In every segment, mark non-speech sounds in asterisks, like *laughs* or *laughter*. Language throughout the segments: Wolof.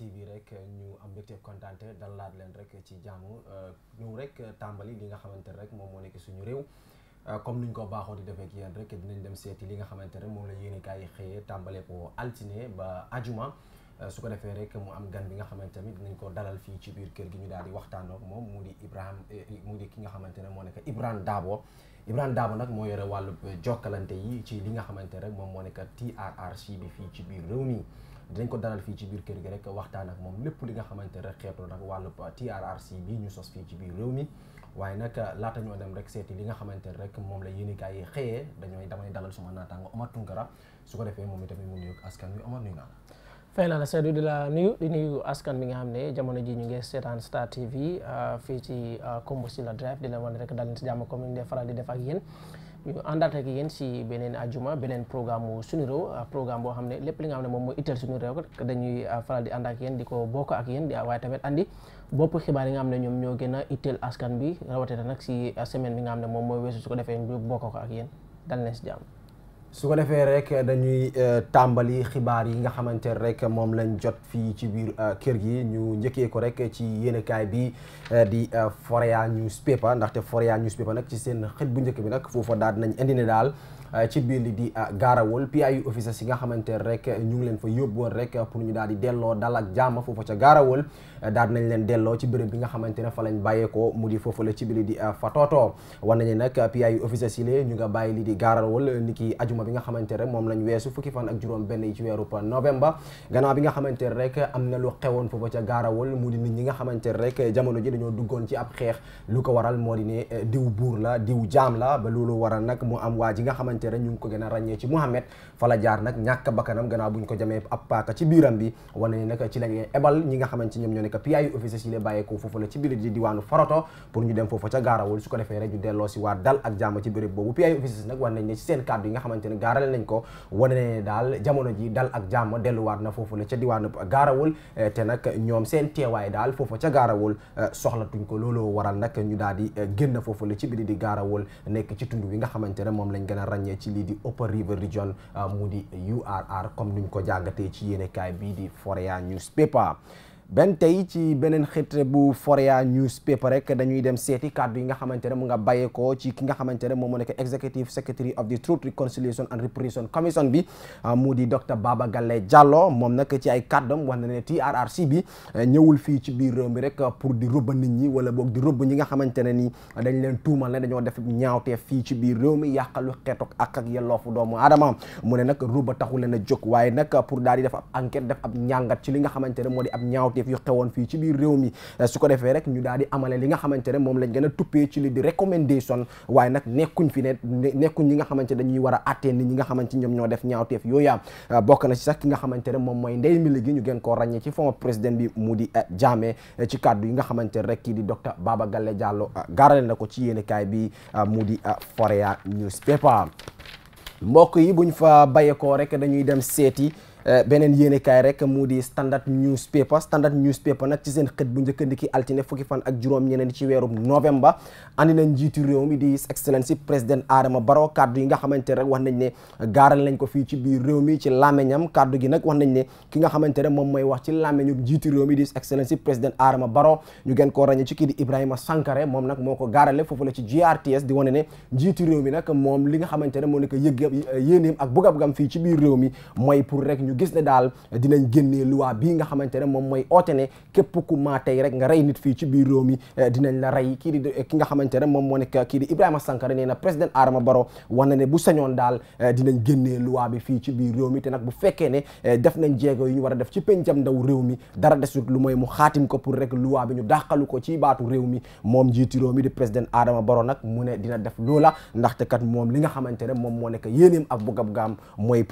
TV rek ñu am mbégte kontante dalalaat leen rek ci jàmm euh, ñëw rek tàmbali li nga xamante rek moom moo nekk suñu réew euh, comme niñ ko baaxoo di defee ak rek dinañ dem seeti li nga xamante rek moom la yéene kaay xëyee tàmbale ko altine ba ajuma euh, su ko defee rek mu am gan bi nga xamante tamit dinañ ko dalal fii ci biir kër gi ñu daal di waxtaan moom mu di Ibrahima mu di ki nga xamante ne moo nekk Ibrahima Dabo Ibrahima Dabo nag moo yore wàllu jokkalante yi ci li nga xamante rek moom moo nekk TRRC bi fii ci biir réew mi dinañ ko dalal fii ci biir kër gi rek waxtaan ak moom lépp li nga xamante rek xeetu nag wàllub TRRC bi ñu sos fii ci biir réew mi waaye nag euh, laata ñoo dem rek seeti li nga xamante rek moom la yéen i yi xëyee dañooy damay dalal suma naataango Omar Tunkara su ko defee moom itamit mu nuyu askan wi Omar nuyu naa la fay naa la Seydou di la bi nga xam ne jamono ji ñu ngi seetaan Star TV euh, fii ci Kombosila euh, Drive di la wan rek dal ci jàmm comme ni ñu faral di def ak yéen ñu àndaat ak yéen si beneen ajuma beneen programme mu suñu réew programme boo xam ne lépp li nga am ne moom mooy itteel suñu réew dañuy ah, faral di ànd ak di ko bokk ak yéen ah, waaye tamit andi bopp xibaar yi nga xam ne ñoom ñoo gën a itteel askan bi rawatina nag si ah, semaine bi nga xam ne moom mooy weesu su defee ñu bokk ko ak yéen dal leen si su ko defee rek dañuy euh, tàmbali xibaar yi nga xamante ne rek moom lañ jot fii ci biir euh, kër gi ñu njëkkee ko rek ci yéenekaay bi euh, di Foroyaa newspaper ndaxte Foroyaa newspaper nag ci seen xët bu njëkk bi nag foofa daal dinañ indi ne daal. Euh, ci biir li di euh, gaarawul PIU officers yi nga xamante rek ñu ngi leen fa yóbboon rek pour ñu daal di delloo dal ak ma foofu ca gaarawul euh, daal di nañ leen delloo ci béréb bi nga xamante ne fa lañ bàyyeekoo mu di la ci biir li di Fatoto war nañu nag PIU yi lee ñu nga bàyyi li di gaarawul ni ki ajuma bi nga xamante rek moom lañ weesu fukki fan ak juróom benn yi ci weeru novembre gannaaw bi nga xamante rek am na lu xewoon foofu ca gaarawul mu di nit ñi nga xamante rek jamono ji dañoo duggoon ci ab xeex lu ko waral moo di ne diw buur la diw jaam la ba loolu waral nag mu nga xamante xamante ne ñu ngi ko gën a ràññee ci Mouhamed fa la jaar nag ñàkk ko jamee ab paaka nga xamante ñoom ñoo nekk PIU officiers yi la bàyyeekoo foofu la ci biir di diwaanu Faroto pour ñu dem foofu ca gaarawul su ko defee rek ñu delloo si waat dal ak jàmm ci béréb boobu PIU officiers nag wane nañ ne ko wane ne daal eh, te nag ñoom seen teewaay daal foofu ca gaarawul eh, soxlatuñ ko looloo waral nag ñu daal di eh, génn foofu la ci biir di gaarawul nekk ci tund wi nga xamante ne moom lañ gën a ràññee ràññee ci lii di Upper River Region ah, mu di URR comme nuñ ko jàngatee ci yéenekaay bii di Foroyaa Newspaper benn tey ci beneen xët bu Foroyaa newspaper rek dañuy dem seeti kàddu yi nga xamante ne mu nga bàyyeekoo ci ki nga xamante ne moom moo nekk executive secretary of the Truth Reconciliation and Reparation Commission bi ah, mu di docteur Baba Galle Jallow moom nag ay kàddoom wax na ne TRRC bi eh, ñëwul fii ci biir réew mi rek pour di rëbb nit ñi wala boog di rëbb ñi nga xamante ne ni dañ leen tuumal ne dañoo def ñaawtee fii ci biir réew mi yàqalu xeetook ak ak yelloofu doomu aadama mu ne nag rëbb taxu leen a jóg waaye nag pour daal di def ab def ab ñàngat ci li nga xamante ne moo di ab ñaawte ñaawteef yu xewoon fii ci biir réew mi eh, su ko defee rek ñu daal di amale li nga xamante moom lañ gën a tuppee ci li recommendation waaye nag nekkuñ fi nekkuñ nga xamante dañuy war a àttee nga xamante ñoom ñoo def ñaawteef yooya eh, bokk ci sax nga xamante moom mooy ndey mi léegi ñu gën koo ràññee ci former président mu di eh, Jammeh ci kàddu yi nga xamante kii di docteur Baba Galle Diallo gaarale na ko ci di Foroyaa newspaper mbokk yi buñ fa Euh, beneen yéenekaay rek mu di standard newspaper standard newspaper nag ci seen xët bu ki altine fukki fan ak juróom ñeneen ci weerum novembre andi nañ njiitu mi di excellence président Adama Barrow kaddu yi nga xamante rek wax nañ ne gaaral nañ ko fii ci biir réew mi ci làmmiñam kaddu gi nag wax nañ ne ki nga xamante ne moom mooy wax ci làmmiñu njiitu réew mi di excellence président Adama Barrow ñu gën koo ràññee ci kii di Ibrahima Sankare moom nag moo ko gaarale foofu la ci GRTS di wane ne njiitu réew mi nag moom li nga xamante ne moon nekk yëg yéeneem ak bugab-gam fii ci biir réew mi mooy pour rek ñu gis ne daal dinañ génnee nga xamante ne moom mooy oote ne képp ku maa tey rek nga rey nit fii ci biir réew mi eh, dinañ la rey eh, ki nga xamante ne moom moo nekk eh, kii di Ibrahima Sankara nee na président Adama Barrow war na ne bu sañoon daal dinañ génnee bi fii ci biir réew mi te nag bu fekkee ne def nañ jéego yu ñu war a def ci pencam ndaw réew mi dara desut lu mooy mu xaatim ko pour rek loi bi ñu dàqalu ko ci baatu réew mi moom njiiti réew mi di président Adama Barrow nag mu ne dina def loola ndaxte kat moom li nga xamante ne moom moo nekk yéeneem ak bugab gaam mooy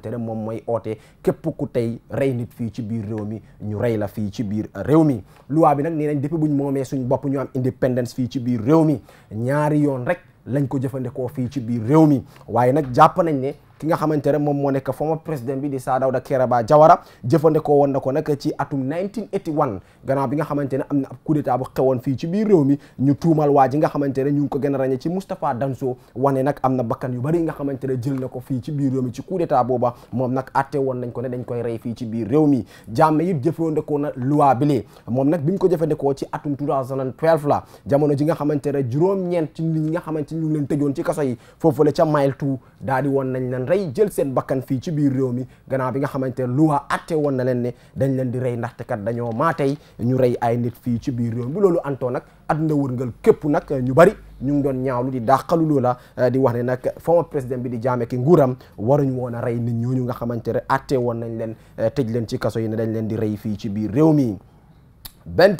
xamante ne moom mooy oote képp tey rey nit fii ci biir réew mi ñu rey la fii ci biir réew mi loi bi nag nee nañ depuis buñ moomee suñ bopp ñu am indépendance fii ci biir réew mi ñaari yoon rek lañ ko jëfandikoo fii ci biir réew mi waaye nag jàpp nañ ne ki nga xamante ne moom moo nekk former président bi di Sir Dawda Kairaba Jawara jëfandikoo woon na ko nag ci atum 1981 gannaaw bi nga xamante ne am na ab coup d'état bu xewoon fii ci biir réew mi ñu tuumal waa ji nga xamante ne ñu ngi ko gën a ràññee ci Moustapha Danso wane nag am na bakkan yu ko fii ci biir réew mi ci coup d'état booba moom nag atte woon ko ne dañ koy rey fii ci biir réew mi jàmme it jëfandikoo na loi bi lee moom nag bi ko ci atum 2012 la jamono ji nga xamante ne juróom-ñeent ci nit ñi nga xamante ñu ngi la ca mile two daal di woon rey jël seen bakkan fii ci biir réew mi gannaaw bi nga xamante ne luwaa atte woon na leen ne dañ leen di rey ndaxte kat dañoo maatey ñu rey ay nit fii ci biir réew mi bu loolu antoo nag àdduna wërngal képp nag ñu bari ñu ngi doon ñaawlu di dàqalu loola eh, di wax ne nag former président bi di jaame ki nguuram waruñu woon a rey ñu ñu nga xamante ne atte woon nañ leen eh, tëj leen ci kaso yi ne dañ leen di rey fii ci biir réew mi benn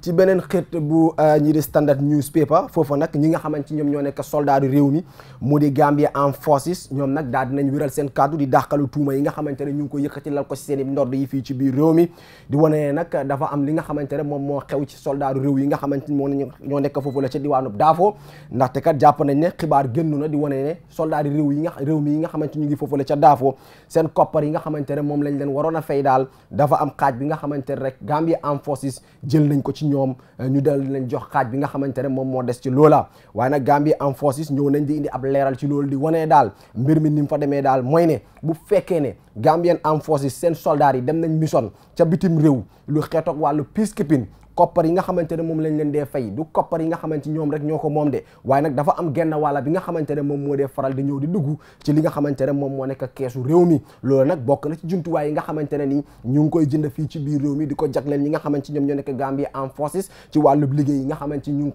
ci beneen xët bu euh, ñi di standard newspaper foofa nag ñi nga xamante ñoom ñoo nekk soldaaru réew mi mu di Gambia Armed Forces ñoom nag daal dinañ wéral seen kàddu di dàqalu tuuma yi nga xamante ne ñu ngi ko yëkkati lal ko i ndord yi fii ci biir réew mi di wane ne nag am li nga xamante ne moom moo xew ci soldaaru réew yi nga xamante moo ñoo nekk foofu la ca diwaanu Daafo ndaxte kat jàpp nañ ne xibaar génn na di wane ne soldaaru réew yi nga réew mi yi nga xamante ñu ngi foofu la ca Daafo seen koppar yi nga xamante ne moom lañ leen waroon a fay daal dafa am xaaj bi nga xamante rek Gambia Armed Forces jël nañ ko ci ñoom euh, ñu dal di leen jox xaaj bi nga xamante ne moom moo des ci loola waaye na Gambie en forces ñëw nañ di indi ab leeral si loolu di wanee daal mbir mi ni mu fa demee daal mooy ne bu fekkee ne Gambian Armed Forces seen soldats yi dem nañ mission ca bitim réew lu xeetoog wàllu peacekeeping koppar yi nga xamante ne moom lañ leen dee fay du koppar yi nga xamante moom bi nga xamante ne moom moo dee faral di ñëw di dugg ci li nga xamante moom moo nekk keesu réew Forces ci wàllub liggéey yi nga xamante ñu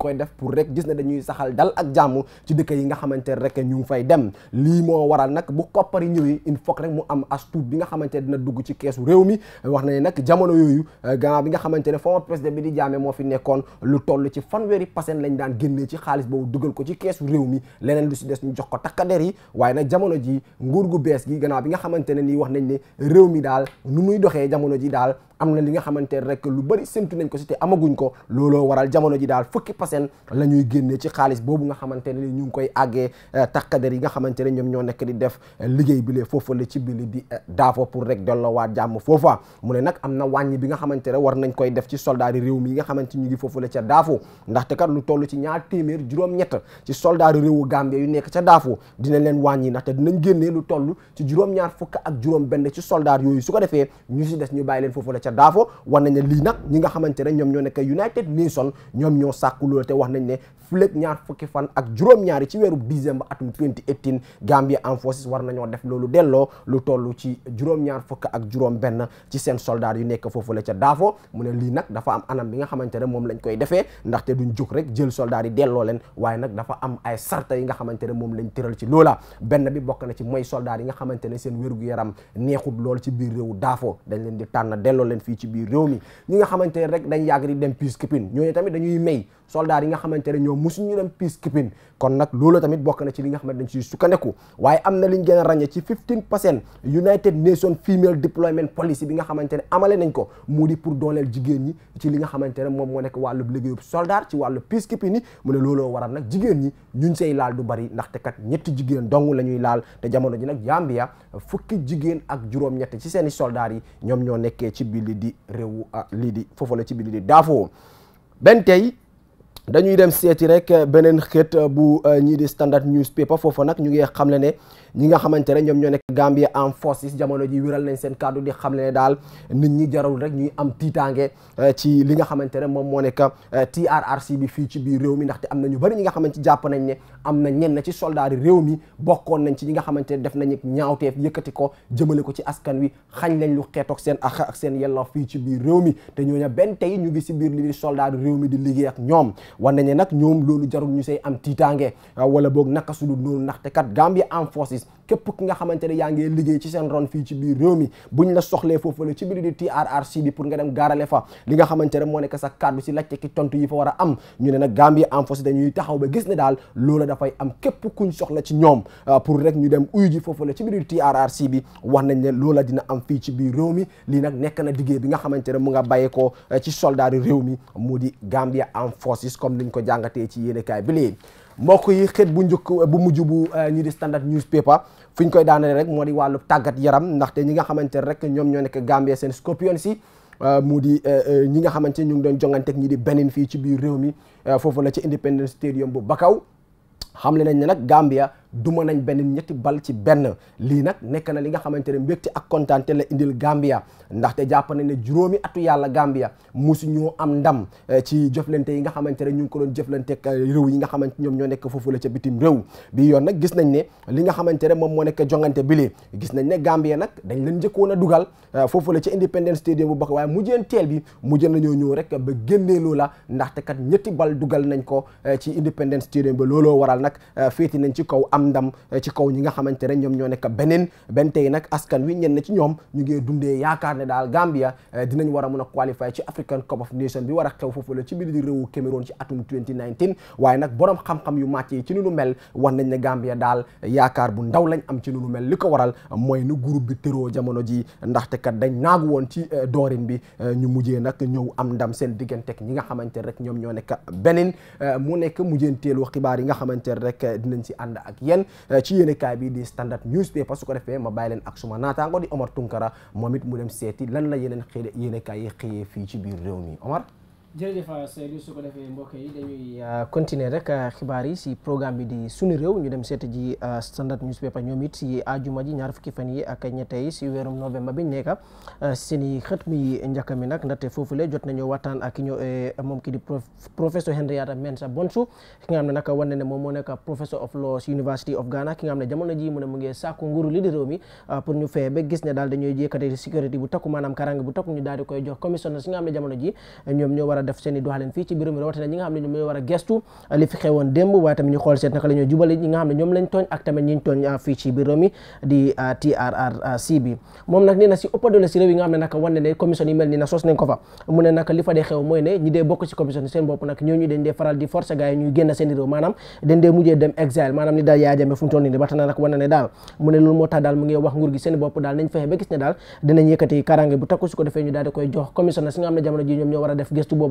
ñu fay dem lii moo waral nag bu koppar yi ñëwee il faut rek mu am as bi nga xamante dina dugg ci keesu réew mi wax na ne nag jamono yooyu gannaaw bi nga xamante former président bi Seydi Jaame moo fi nekkoon lu toll ci fanweeri pasen lañ daan génnee ci xaalis boobu dugal ko ci keesu réew mi leneen lu si des ñu jox ko takkader yi waaye nag jamono ji nguur gu bees gi gannaaw bi nga xamante ne nii wax nañ ne réew mi daal nu muy doxee jamono ji daal am na li nga xamante rek lu bari séntu nañ ko si te amaguñ ko looloo waral jamono ji daal fukki pasen la ñuy génnee ci xaalis boobu nga xamante ne ñu ngi koy àggee eh, takkader yi nga xamante ne ñoom ñoo nekk di def eh, liggéey bi lee foofa la ci bili di eh, daafo pour rek delloowaat jàmm foofa mu ne nag am na wàññi bi nga xamante ne war nañ koy def ci soldaari réew mi nga xamante ñu ngi foofu la ca daafo ndaxte kat lu toll ci ñaar téeméer juróom-ñett ci soldaari réewu Gambie yu nekk ca daafo dinañ leen wàññi ndaxte dinañ génnee lu toll ci juróom-ñaar fukk ak juróom benn ci soldaar yooyu su ko defee ñu si des ñu ca ca Dafo war nañ ne lii nag ñi nga xamante ne ñoom ñoo nekk United Nations ñoom ñoo sàkku loolu te wax nañ ne fleg ñaar fukki fan ak juróom-ñaari ci weeru décembre atum 2018 Gambia Armed Forces war nañoo def loolu delloo lu tollu ci juróom-ñaar fukk ak juróom benn ci seen soldaar yu nekk foofu la ca Dafo mu ne nag dafa am anam bi nga xamante ne moom lañ koy defee ndaxte duñ jóg rek jël soldat yi delloo leen waaye nag dafa am ay sarta yi nga xamante ne moom lañ tëral ci loola benn bi bokk na ci mooy soldaar yi nga xamante ne seen wér-gu-yaram neexut lool ci biir réewu Dafo dañ leen di tànn delloo fii ci biir réew mi ñi nga xamante rek dañ yàgg di dem puisque pin ñooñu tamit dañuy may soldats yi nga xamante ne ñoom musuñu dem peacekeeping kon nag loolu tamit bokk na ci li nga xamante dañ ci sukkandiku waaye am na liñ gën a ràññee ci 15 percent United Nations Female Deployment Policy bi nga xamante ne amale nañ ko mu di pour dooleel jigéen ñi ci li nga xamante ne moom moo nekk wàllu liggéeyub soldat ci wàllu peacekeeping ni mu ne looloo waral nag jigéen ñi ñuñ say laal du bari ndaxte kat ñetti jigéen dong la ñuy laal te jamono ji nag Gambia fukki jigéen ak juróom-ñett ci seeni soldats yi ñoom ñoo nekkee ci biir li di réewu ah, lii di foofu la ci biir li di daafoo benn tey dañuy dem seeti rek beneen xët bu euh, ñii di standard newspaper foofu nag ñu ngi xamle ne ñi nga xamante ne ñoom ñoo nekk Gambia Armed Forces jamono ji wéral nañ seen kàddu di xamle ne daal nit ñi jarul rek ñuy am tiitaange euh, ci li nga xamante ne moom moo nekk euh, TRRC bi fii ci biir réew mi ndaxte am na ñu bëri ñi nga xamante ci jàpp nañ ne am na ñenn ci soldaari réew mi bokkoon nañ ci ñi nga xamante ne def nañ ñaawteef yëkkati ko jëmale ko ci askan wi xañ lañ lu xeetoog seen ak ak seen yelloo fii ci biir réew mi te ñooñu ña tey ñu ngi si biir li soldaari réew mi di liggéey ak ñoom wan nañu nag ñoom loolu jarul ñu say am tiitaange wala boog naka su dul noonu ndaxte kat Gambia Armed Forces képp ku nga xamante ne yaa ngi liggéey ci seen ron fii ci biir réew mi buñ la soxlee foofu la ci biir di TRRC bi pour nga dem gaarale fa li nga xamante ne moo nekk sa kàddu si laajte ki tontu yi fa war am ñu ne nag Gambia am fos dañuy taxaw ba gis ne daal loola dafay am képp kuñ soxla ci ñoom euh, pour rek ñu dem uyu ji foofu la ci biir di TRRC bi wax nañ ne loola dina am fii ci biir réew mi lii nag nekk na liggéey bi nga xamante ne mu nga bàyyee ko euh, ci réew mi mu di Gambia Armed Forces comme niñ ko jàngatee ci yéenekaay bi léegi mbokk yi xët bu njëkk bu mujj bu euh, ñi di standard newspaper fu ñu koy daanale rek moo di wàllu tàggat yaram ndaxte ñi nga xamante rek ñoom ñoo nekk Gambia seen scorpion si euh, mu di euh, ñi nga xamante ñu ngi doon jonganteeg ñi di Benin fii ci biir réew mi foofu la ci Independence Stadium bu Bakaw xamle nañ ne nag Gambia duma nañ benn ñetti bal ci benn lii nag nekk na li nga xamante ne mbégte ak kontaante la indil Gambia ndaxte jàpp nañ ne juróomi atu yàlla Gambia musu ñoo am ndam eh, ci jëflante yi nga xamante ne ñu ngi ko doon jëflante ak eh, réew yi nga xamante ñoom ñoo nekk foofu la ca bitim réew bi nag gis nañ ne li nga xamante ne moom moo nekk jongante bi lee gis nañ ne Gambia nag dañ leen njëkkoon a dugal eh, foofu la ca Independence Stadium bu bokk waaye mujjeen teel bi mujjeen nañoo ñëw rek ba génnee loola ndaxte kat ñetti bal dugal nañ ko ci Independence Stadium ba looloo waral nag féeti nañ ci kaw am am ndam eh, ci kaw ñi nga xamante ne ñoom ñoo nekk beneen benn tey nag eh, a a qualifier ci a xew la ci biir di réewu Cameroon ci atum 2019 waaye bi tëroo jamono ji ndaxte kat dañ naagu woon ci eh, doorin bi ñu mujjee nag ñëw am ndam seen diggante ñi nga xamante rek ñoom ñoo nekk beneen mu nekk mujjeenteelu xibaar yi nga xamante rek dinañ si ànd ak yéen euh, ci yéenekaay bi di standard newspaper su ko defee ma bàyyi leen ak suma naataango di Omar Tunkara moom it mu dem seeti lan la yeneen xëy yéenekaay yi xëyee fii ci biir réew mi Omar jërëjëf euh, Seydou su ko defee mbokk yi dañuy euh, continuer rek euh, xibaar yi si programme bi di sunu réew ñu dem seet ji standard newspaper ñoom it si ajuma ji ñaar fukki fan yi ak ñette yi si weerum novembre bi nekk seen i xët mi njëkk mi nag ndaxte foofule jot nañoo waxtaan ak ñoo moom ki di professeur Henrietta Mensah Bonsu ki nga xam ne nag wane ne moom moo nekk professor of laws University of Ghana ki nga xam ne jamono ji mu ne mu ngi sàkku nguuru li a def seen i doxalin fii ci biir mi rawatina ñi nga xam ne ñoom ñoo war a gestu uh, li fi xewoon démb waaye tamit ñu xool seet naka la ñoo jubale ñi nga xam ne ñoom lañ tooñ ak tamit ñiñ tooñ uh, fii ci biir mi di uh, TRRC bi moom nag nee na si ëpp doole si réew yi nga xam ne nag wane ne commission yi mel ni na sos nañ ko fa mu ne nag li fa dee xew mooy ne ñi dee bokk si commission seen bopp nag ñooñu dañ dee faral di forcer gars yi ñuy génn seen réew maanaam dañ dee mujjee dem exil maanaam ni daal yaa jame fu mu toll nii ba tax na nag wane ne daal mu ne loolu moo tax daal mu ngi wax nguur gi seen bopp daal nañ fexe ba gis ne daal dinañ yëkkati karange bu takku su ko defee ñu daal di koy jox commission si nga xam ne jamono ji ñoom ñoo war a def gëstu boobu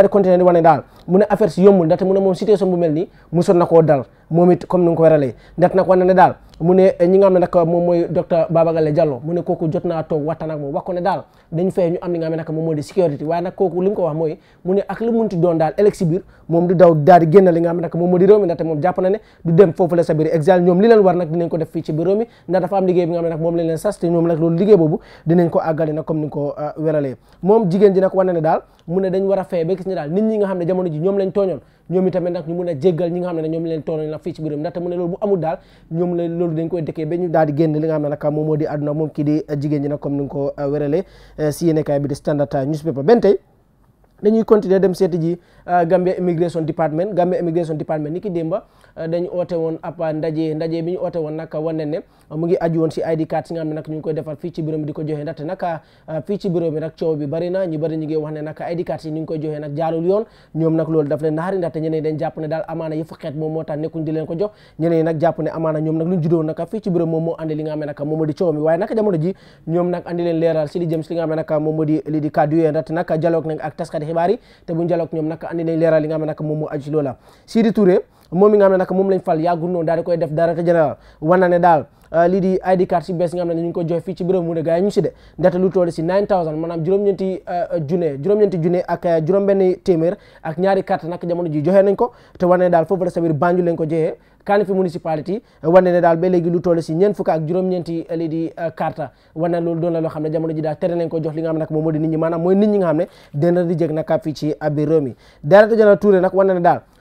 mu continuer di wane daal mu ne affaire si yombul ndaxte mu ne moom situation bu mel nii mosoon na koo dal moom it comme ni nga ko weralee det nag wane ne daal mu ne ñi nga xam ne nag moom mooy docteur Baba Gale Diallo mu ne kooku jot na toog waxtaan ak moom ko ne daal dañ moom moo di sécurité waaye nag kooku li mu ko wax mooy mu ne ak lu moom du daw daal di génn li nga xam ne nag leen def am liggéey bi nga xam ne nag moom lañ leen sas te ñoom nag loolu nga ko euh, ne daal mu ne dañ a fee ba gis nga xam ne jamono ji ñoom lañ tooñoon ñoom itamit nag ñu mun a jéggal ñi nga xam ne ñoom leen toonañ nag fii ci biiram ndaxte mu ne loolu bu amul daal ñoom la loolu dañ koy dëkkee li nga xam nag moom moo di àdduna moom kii di jigéen ñi nag ko ni nga ko euh, wéralee euh, si yéenekaay bi di Standard Newspaper benn tey dañuy continuer dem seeti ji euh, Gambia Immigration Department Gambia Immigration ni euh, euh, ko joxe ndaxte nag fii ci na ñu bari ñu ngi wax ne nag ID card yi ñu ngi ñoom nag amaana yëfu xeet moom moo tax nekkuñ di leen ko jox ñeneen nag jàpp ne amaana ñoom nag lu ñu juddoo nag fii ci bureau moom moo andi li nga xam ne di coow mi nag jamono ji ñoom nag andi leen xibaar yi te buñ jaloog ñoom na andi nañ leeral li nga xam ne nag moom moo aju loola Sidi moom mi nga xam ne nag moom lañ fal yàggul noonu daal di koy def directeur général war ne daal euh, lii di ID card si bees nga xam fii ci bureau mu ne gars yi ñu si de ndaxte lu toll si 9000 maanaam juróom-ñeenti euh, junne juróom-ñeenti junne ak euh, nag ji joxe na ko joxee Kanifing municipality wane ne daal ba léegi toll si ñeent fukk ak juróom-ñeenti lii di carte wane loolu ko jox li nga xam ne nag moom moo di nit ñi maanaam mooy nit ñi nga xam ne dina nag fii ci biir réew mi directeur général Touré nag wane ne daal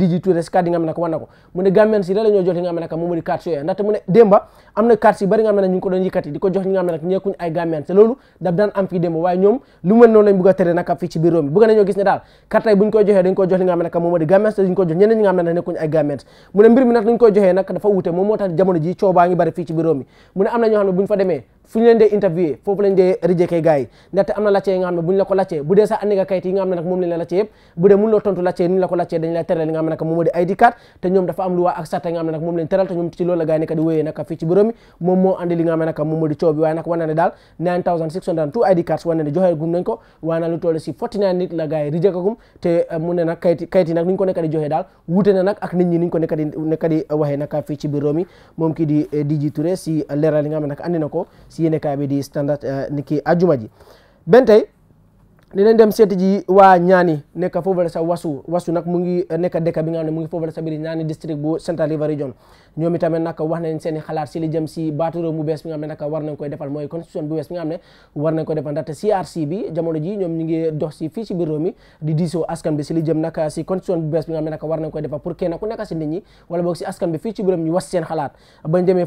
Diji Touré si kàddu yi na ko mu ne si la la ñoo jox li nga xam ne nag moom moo di cartes yooyu am na cartes yu bari nga xam ne ñu ngi ay Gambian te loolu mi bëgg nañoo gis ko jox ñeneen ñi dafa wute moom moo tax jamono ji coobaa bari fii ci biir am na ñoo xam ne fa demee fu ñu leen dee interviewé foofu lañ dee rejeté gars yi ndaxte am na laajte yi nga xam ne bu ñu la ko laajtee bu dee sax andi nga kayit yi nga xam ne nag moom lañ la laajte yëpp bu dee mënuloo tontu laajte ni ñu la ko laajtee dañ lay teral li nga xam ne nag moom moo di ID card te ñoom dafa am lu waa ak sarte nga xam ne nag moom lañ teral te ñoom ci loolu la gars yi nekk di wéyee nag fii ci bërëm mi moom moo andi li nga xam ne nag moom moo di coow bi waaye nag wane ne daal 9602 ID cards wane ne joxee gum nañ ko waaye nag lu toll si 49 nit la gars yi rejeté gum te uh, mu ne nag kayit kayit yi nag ni ñu ko nekk di joxee daal wuute na nag ak nit ñi ni ñu ko nekk di nekk di waxee nag fii ci bërëm mi moom kii di uh, Dj Touré si leeral li nga xam ne nag andi na ko si yéenekaay bi di standard eh, ni ki ajuma ji benn tey dinañ dem seeti ji waa ñaani nekk foofale sa wasu wasu nag mu ngi nekk dëkk bi nga xam ne mu ngi foofale sa biir ñaani district bu Central River Region ñoom itamit nag wax nañ xalaat si li jëm si baatu réew mu bees bi nga xam ne war nañ mooy constitution bu bees bi nga xam ne war jamono ji ñoom ñu ngi dox fii si biir réew mi di diisoo bi si li jëm nag si constitution bu bees war nañ koy defal pour kenn ku nekk si nit ñi wala boog si askan bi fii ci biir réew mi ñu was seen xalaat bañ demee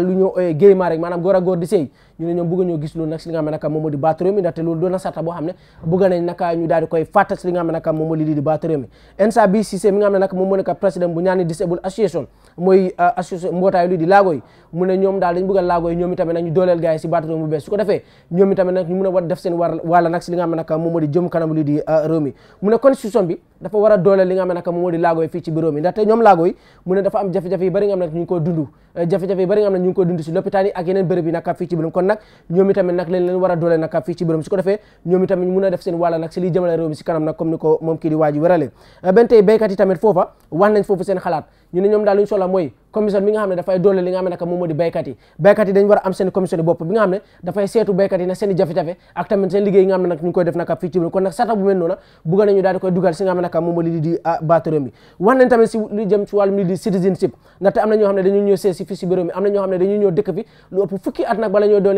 lu ñu ooyee gay marriage maanaam góor ak góor di sëy ñu ne ñoom nag si di baat réew mi ndaxte loolu boo xam ne bëgg nañ naka ñu daal di koy fàttal si li nga xam ne naka moom di lii di laago euh, yi mu ne nag ñu dooleel di lii di euh, réew mi mu ne constitution bi dafa war a li nga xam ne naka moom di laago fii ci biir réew mi ndaxte ñoom laago dafa am jafe-jafe yi euh, bari nga xam ne ñu ngi ko dund jafe-jafe yi bari nga xam ne ñu ngi ko dund si yi ak yeneen bërëb yi naka fii ci nag euh, ñoom daal lu ñu mooy commission bi nga xam ne dafay seetu béykat nag seen jafe-jafe ak tamit seen liggéey nga xam ne nag ñu ngi koy si nga xam ah, am na ñoo xam ne dañu ñoo dëkk fi lu ëpp fukki at nag bala ñoo doon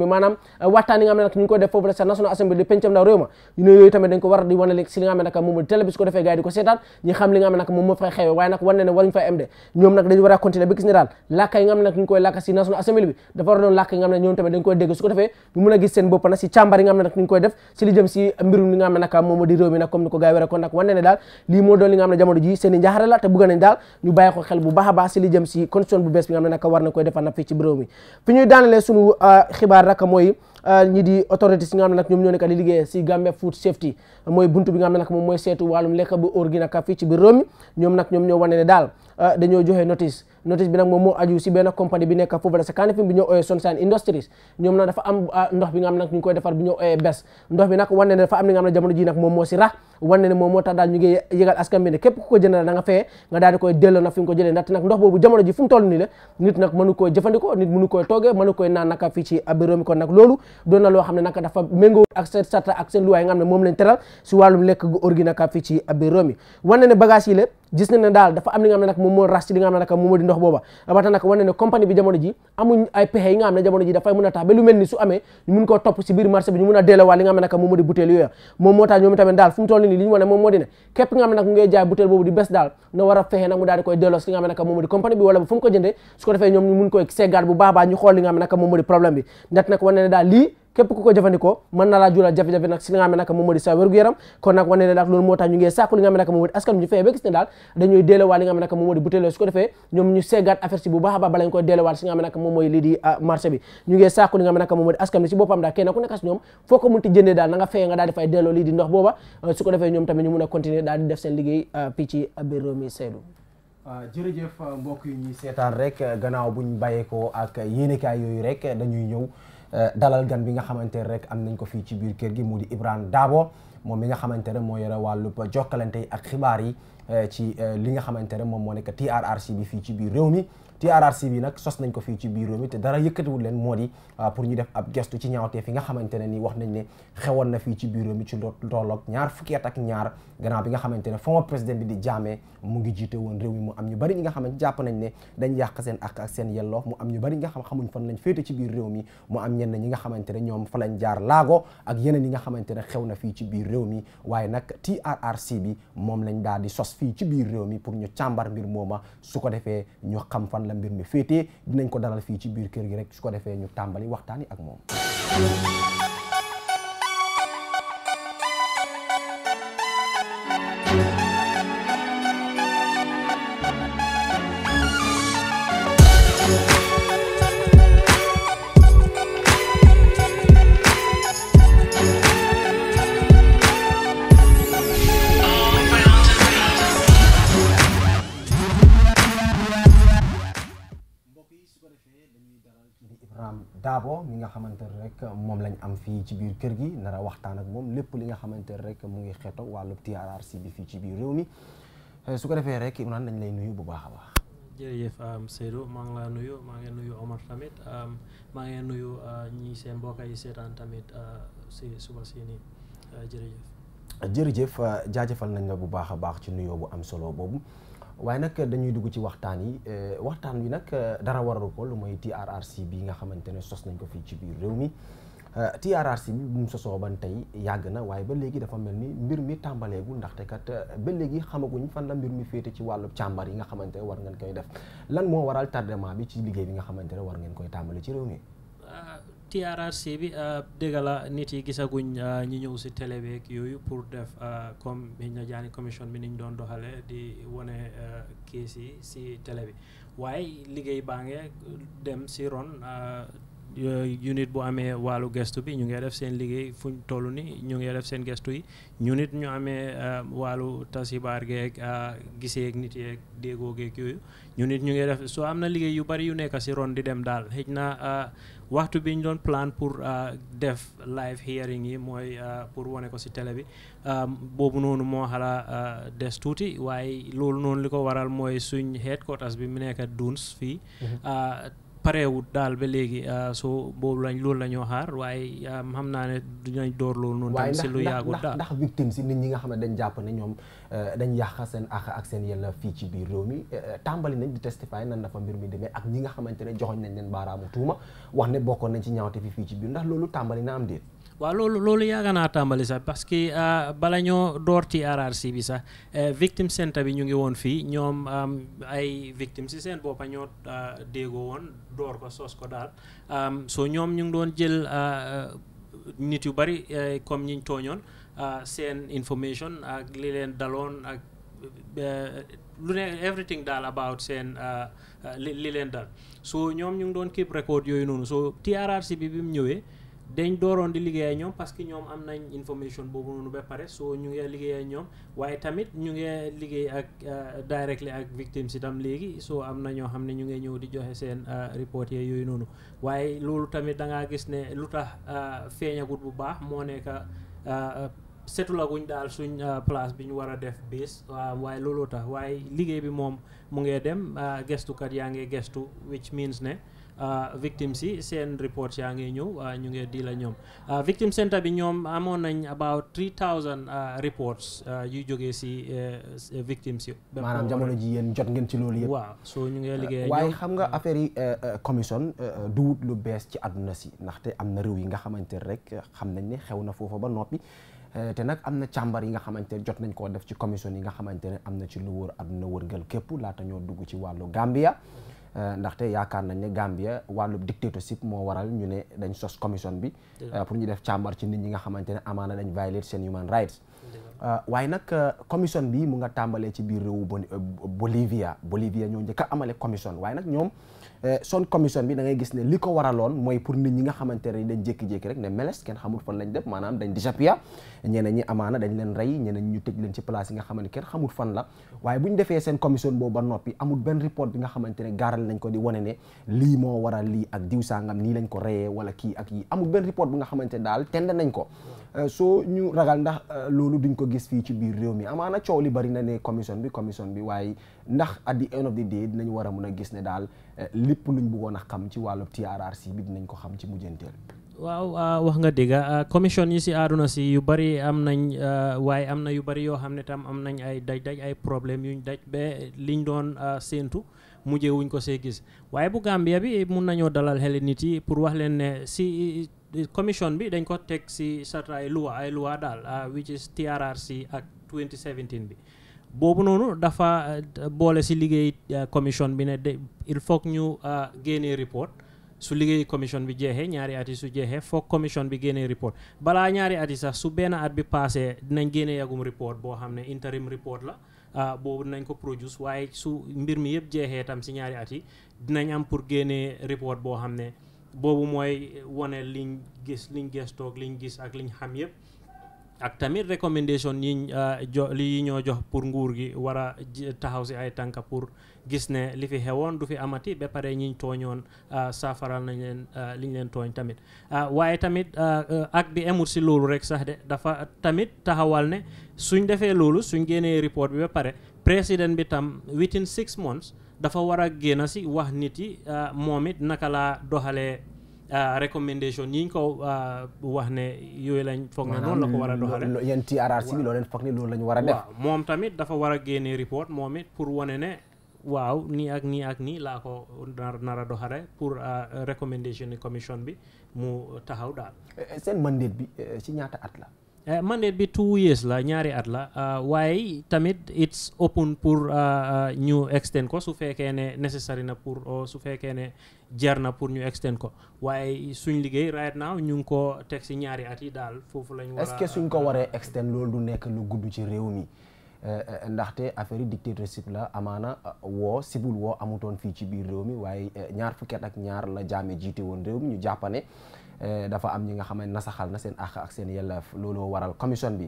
bi maanaam eh, waxtaan yi ne nag ñu koy def si li nga si mbirum li nga ne nag moom di réew mi nag comme ni ko gars yi war a kon ne daal lii moo doon li nga ne jamono ji seen i njaaxare la te bëgg daal ñu bàyyi ko xel bu baax si li jëm si constitution bu bees bi ne nag war na koy defal nag fii ci mi fi ñuy daanalee sunu eh, xibaar rek mooy euh, ñi di authorities nga xam ne ñoom ñoo nekk di liggéey si Gambia Food Safety mooy buntu nga xam ne moom mooy seetu wàllum lekk bu óor gi fii ci biir réew ñoom nag ñoom ñoo wane ne daal Ah, dañoo joxe notice notice bi nag moom moo aju si benn compagnie bi nekk foofu la sa kanifin bi ñoo ooyee Sunshine Industries ñoom nag dafa am ah, ndox bi nga xam nag ñu ngi koy defar bi ñoo ooyee bes ndox bi nag wane ne dafa am li nga xam ne jamono ji nag moom moo si rax wane ne moom moo tax daal ñu ngi yëgal askan bi ne képp ku ko jënd da nga fee nga daal di koy delloo nag fi nga ko jëlee ndaxte nag ndox boobu jamono ji fu mu toll nii la nit nag mënu koy jëfandikoo nit mënu koy toogee mënu koy naan naka fii ci biir réew mi kon nag loolu doon na loo xam ne naka dafa méngoo ak seen sarta ak seen luwaay nga xam ne moom lañ teral si wàllum lekk gu óor gi naka fii ci biir réew mi wane ne bagage yi la gis nañ ne daal dafa am li nga xam ne nag di ndox booba ba tax nag wane ne compagnie bi jamono ji ay pexe yi nga xam ne jamono ji dafay a tax ba mel ni su amee mun koo topp si biir marché bi ñu mun a deelewaat li nga xam ne di butéel yooyu moom moo tax ñoom tamit daal fu mu toll li ñu wane moom moo di ne képp nga na war a di koy bi wala bu fu ko jëndee su ko defee ñoom ñu mun koy seggaat bu baax ñu xool li nga xam ne di problème képp ku ko jëfandikoo mën na laa jural jafe-jafe nag si li nga xam ne nag moom moo di sa wér-gu-yaram kon nag wane ne nag loolu moo tax ñu ngee sàkku li nga xam ne nag moom moo di defee ñu seggaat bu ne ah, ñu ngee sàkku ko ah, a continuer daal di def ah, seetaan rek gannaaw buñ bàyyeekoo ak yéenekaay yooyu rek dañuy ñëw Euh, dalal gan bi nga xamante ne rek am nañ ko fii ci biir kër gi mu di Ibrahima Dabo moom mi nga xamante ne moo yore wàllub jokkalante yi ak xibaar yi euh, ci euh, li nga xamante ne moom moo nekk TRRC bi fii ci biir réew mi TRRC bi nag sos nañ ko fii ci biir réew mi te dara yëkkatiwul leen moo di pour ñu def ab gestu ci ñaawtee fi nga xamante ne ni wax nañ ne xewoon na fii ci bureau mi ci tolloog ñaar fukki ak ñaar gannaaw bi nga xamante ne former président bi di Jammeh mu ngi jiite woon réew mi mu am ñu bari ñi nga xamante jàpp nañ ne dañ yàq seen ak seen yelloof mu am ñu bari nga xam xamuñ fan lañ féete ci biir réew mi mu am ñenn ñi nga xamante ne ñoom fa lañ jaar laago ak yeneen yi nga xamante ne xew na fii ci biir réew mi waaye nag TRRC bi moom lañ daal di sos fii ci biir réew mi pour ñu càmbar mbir mooma su ko defee ñu xam fan la mbir mi féetee dinañ ko dalal fii ci biir kër gi rek su ko defee ñu tàmbali waxtaan yi ak moom moom lañ am fi ci biir kër gi ndara waxtaan ak moom lépp li nga xamante rek mu ngi xeeto wàllu TRRC bi fii ci biir réew mi eh, su ko defee rek Imran dañ lay nuyu bu baax a baax. jërëjëf Seydou maa ngi laa nuyu maa ngi nuyu Omar tamit maa ngi nuyu ah, ñi seen mbokk yi seetaan tamit ah, si suba si nii ah, jërëjëf. jërëjëf jaajëfal nañ la bu baax a baax ci nuyoo bu am solo boobu. waaye nag dañuy dugg ci waxtaan yi euh, waxtaan wi nag euh, dara waralu ko lu mooy TRRC bi nga xamante ne sos nañ ko fii ci biir réew mi euh, TRRC bi bu mu sosoo ban tey yàgg na waaye ba léegi dafa mel ni mbir mi tàmbaleegul ndaxte kat ba léegi xamaguñ fan la mbir mi féete ci wàllu càmbar yi nga xamante ne war ngeen koy def lan moo waral tardement bi ci liggéey bi nga xamante ne war ngeen koy tàmbali ci réew mi. TRRC bi euh, dégg la nit yi gisaguñ euh, ñu ñëw si télé beeg yooyu pour def euh, comme biñ na jaani commission bi niñ doon doxale di wane kees yi si télé bi waaye liggéey baa ngi dem si ron unit bu amee wàllu gestu bi ñu ngi def seen liggéey fuñ toll ni ñu ngi seen gestu yi ñu nit ñu amee wàllu tasibaar geeg giseeg nit yeeg déggoo geeg yooyu ñu nit ñu ngi def soo am na liggéey yu bari yu nekk si ron di dem daal xëj na waxtu bi ñu doon plan pour euh, def live hearing yi mooy euh, pour wane ko si tele bi euh, boobu noonu moo xala des tuuti waaye loolu noonu li ko waral mooy suñ headquarters bi mu nekk Duns fii mm-hmm. pareewut daal ba léegi euh, soo boobu lañ loolu la ñoo xaar waaye euh, xam naa ne dinañ door loolu noonu tam si lu yàggul daal ndax victime si nit ñi nga xam ne dañ jàpp ne ñoom euh, dañ yàq seen àq ak seen yella fii ci biir réew mi tàmbali nañ di testify nan dafa mbir mi demee ak ñi nga xamante ne joxoñ nañ leen baaraamu tuuma wax ne bokkoon nañ ci ñaawte fi fii ci biir ndax loolu tàmbali na am déet waa loolu loolu yaaga naa tàmbali sax parce que euh, bala ñoo door ci RRC bi sax euh, victime centre bi ñu ngi woon fii ñoom ay victime si seen boppa ñoo euh, déggoo woon door ko sos ko daal so ñoom ñu ngi doon jël nit yu bari comme ñiñ tooñoon seen information ak li leen daloon ak lu ne everything daal about seen li leen dal so ñoom ñu ngi doon keep record yooyu noonu so TRRC bi bi mu ñëwee dañ dooroon di liggéey ñoom parce que ñoom am nañ information boobu noonu ba pare so ñu ngi liggéey ñoom waaye tamit ñu ngi liggéey ak euh, directly ak victimes itam léegi so am na ñoo xam ne ñu ngi ñëw di joxe seen euh, report yooyu noonu waaye loolu tamit da ngaa gis ne lu tax euh, feeñagut bu baax moo nekk setulaguñ daal suñ place bi ñu war a def bés waaye looloo tax waaye liggéey bi moom mu ngee dem gestukat yaa ngi gestu which means ne Euh, victims si seen report yaa ngi ñëw euh, ñu ngi di la ñoom euh, victim centre bi ñoom amoon nañ about 3000 reports yi jóge si victims yi. maanaam jamono ji yéen jot ngeen ci loolu yëpp. waaw soo ñu ngi liggéey waaye xam nga affaire yi commission du wut lu bees ci adduna si ndaxte am na réew yi nga xamante rek xam nañ ne xew na foofa ba noppi. te nag am na càmbar yi nga xamante ne jot nañ koo def ci commission yi nga xamante ne am na ci lu wër àdduna wërgal képp laata ñoo dugg ci wàllu Gambia Euh, ndaxte yaakaar nañ ne Gambia wàllub dictatorship moo waral ñu ne dañ sos commission bi euh, pour ñu def càmbar ci nit ñi nga xamante ne amaana dañ violate seen human rights euh, waaye nag commission bi mu nga tàmbalee ci biir réewu Bolivia Bolivia ñoo njëkk a amale commission waaye nag ñoom Euh, son commission bi da gis ne li ko waraloon mooy pour nit ñi nga xamante ne dañ jékki-jékki rek ne meles kenn xamul fan lañ def maanaam dañ di japia ñeneen ñi amaana dañ leen rey ñeneen ñu tëj leen ci place yi nga xamante kenn xamul fan la waaye bu ñu defee seen commission boobu ba noppi amul benn report bi nga xamante ne gaaral nañ ko di wane ne lii moo waral lii ak diw sangam nii lañ ko reyee wala kii ak yii amul benn report bi nga xamante ne daal tend nañ ko Euh, soo ñu ragal ndax euh, loolu duñ ko gis fii ci biir réew mi amaa na coow li bari na ne commission bi commission bi waaye ndax at the end of the day dinañ war a mun a gis ne daal euh, lépp luñ bëggoon a xam ci wàllu TRRC bi dinañ ko xam ci mujjanteel. waaw wax nga dëgg commission yi si àdduna si yu bari am nañ waaye am na yu bari yoo xam ne tam am nañ ay daj daj ay problème yuñ daj ba liñ doon séentu. mujjee wuñ ko see gis waaye bu Gambia bi mun nañoo dalal xel nit yi pour wax leen ne si commission bi dañ ko teg si sarta ay loi ay loi daal ah, which is TRRC ak 2017 bi boobu noonu dafa eh, boole si liggéey eh, commission bi ne de il faut ñu ah, génnee report su liggéey commission bi jeexee ñaari at su jeexee foog commission bi génnee report balaa ñaari ati sax su benn at bi passé dinañ génnee yagum report boo xam ne interim report la ah, boobu dinañ ko produce waaye su mbir mi yëpp jeexee tam si ñaari at yi dinañ am pour génnee report boo xam ne boobu mooy wane liñ gis liñ gestoog liñ gis ak liñ xam yëpp ak tamit recommandation yiñ uh, jo li ñoo jox pour nguur gi war a taxaw si ay tànka pour gis ne li fi xewoon du fi amati ba pare ñiñ tooñoon uh, saafaral nañ leen uh, liñ leen tooñ tamit waaye tamit ak bi emul si loolu rek sax de dafa tamit taxawal ne suñ defee loolu suñ génnee report bi ba pare président bi tam within six months dafa war a génn si wax nit yi euh, moom it naka laa doxalee euh, recommendation yi ñu ko euh, wax ne yooyu lañ foog ne noonu la ko war a doxalee yéen TRRC bi loolu leen foog ne loolu war a def moom tamit dafa war a génne report moomit pour wane ne waaw nii ak nii ak nii laa ko nar a doxale pour recommendation commission bi mu taxaw daal seen mandat bi ci ñaata at la Eh, mandate bi two years la ñaari at la ah, waaye tamit it's open pour ah, ah, ñu extend ko su fekkee ne necessary na pour oh, su fekkee ne jar na pour ñu extend ko waaye suñ liggéey right now ñu ngi ko teg si ñaari at yi daal foofu la ñu war a est-ce que suñ ko waree extend loolu du nekk lu gudd ci réew mi eh, eh, ndaxte affaire yi dictatorship la amaana woo civil woo amutoon fii ci biir réew mi waaye ñaar fukket ak ñaar la jaame jiite woon réew mi ñu jàppane Eh, dafa am ñi nga xam ne nasaxal na seen àq ak seen yella looloo waral commission bi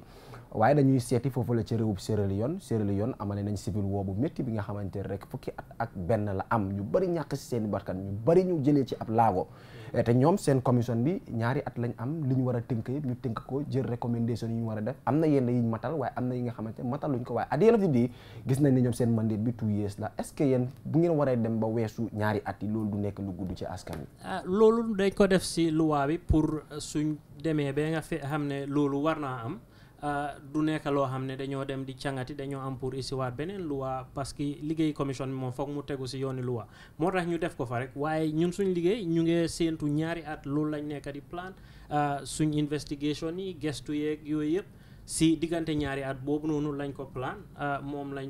waaye dañuy seeti foofu la ca réewub Sierra Leone Sierra Leone amale nañ civil woo bu métti bi nga xamante rek fukki ak benn la am ñu bari ñàkk si seen barkan ñu bari ñu jëlee ci ab laago te ñoom seen commission bi ñaari at lañ am li ñu war a tënk yëpp ñu tënk ko jël recommandation yi ñu war a def am na yenn yi ñu matal waaye am na yi nga xamante matal luñ ko waaye at gis nañ ne ñoom seen mandat bi two years la est ce que yéen bu ngeen ba weesu ñaari at yi loolu du nekk lu gudd ci askan wi. ah loolu dañ ko def si loi pour suñ demee ba nga fe xam ne loolu war naa am. Euh, du nekk loo xam ne dañoo dem di càngati dañoo am pour isiwaat beneen luwa parce que liggéey commission bi moom foog mu tegu si yooni luwa moo tax ñu def ko fa rek waaye ñun suñ liggéey ñu ngi séentu ñaari at loolu lañ nekk di plan euh, suñ investigation yi gestu yeeg yooyu yëpp si diggante ñaari at boobu noonu lañ ko plan euh, moom lañ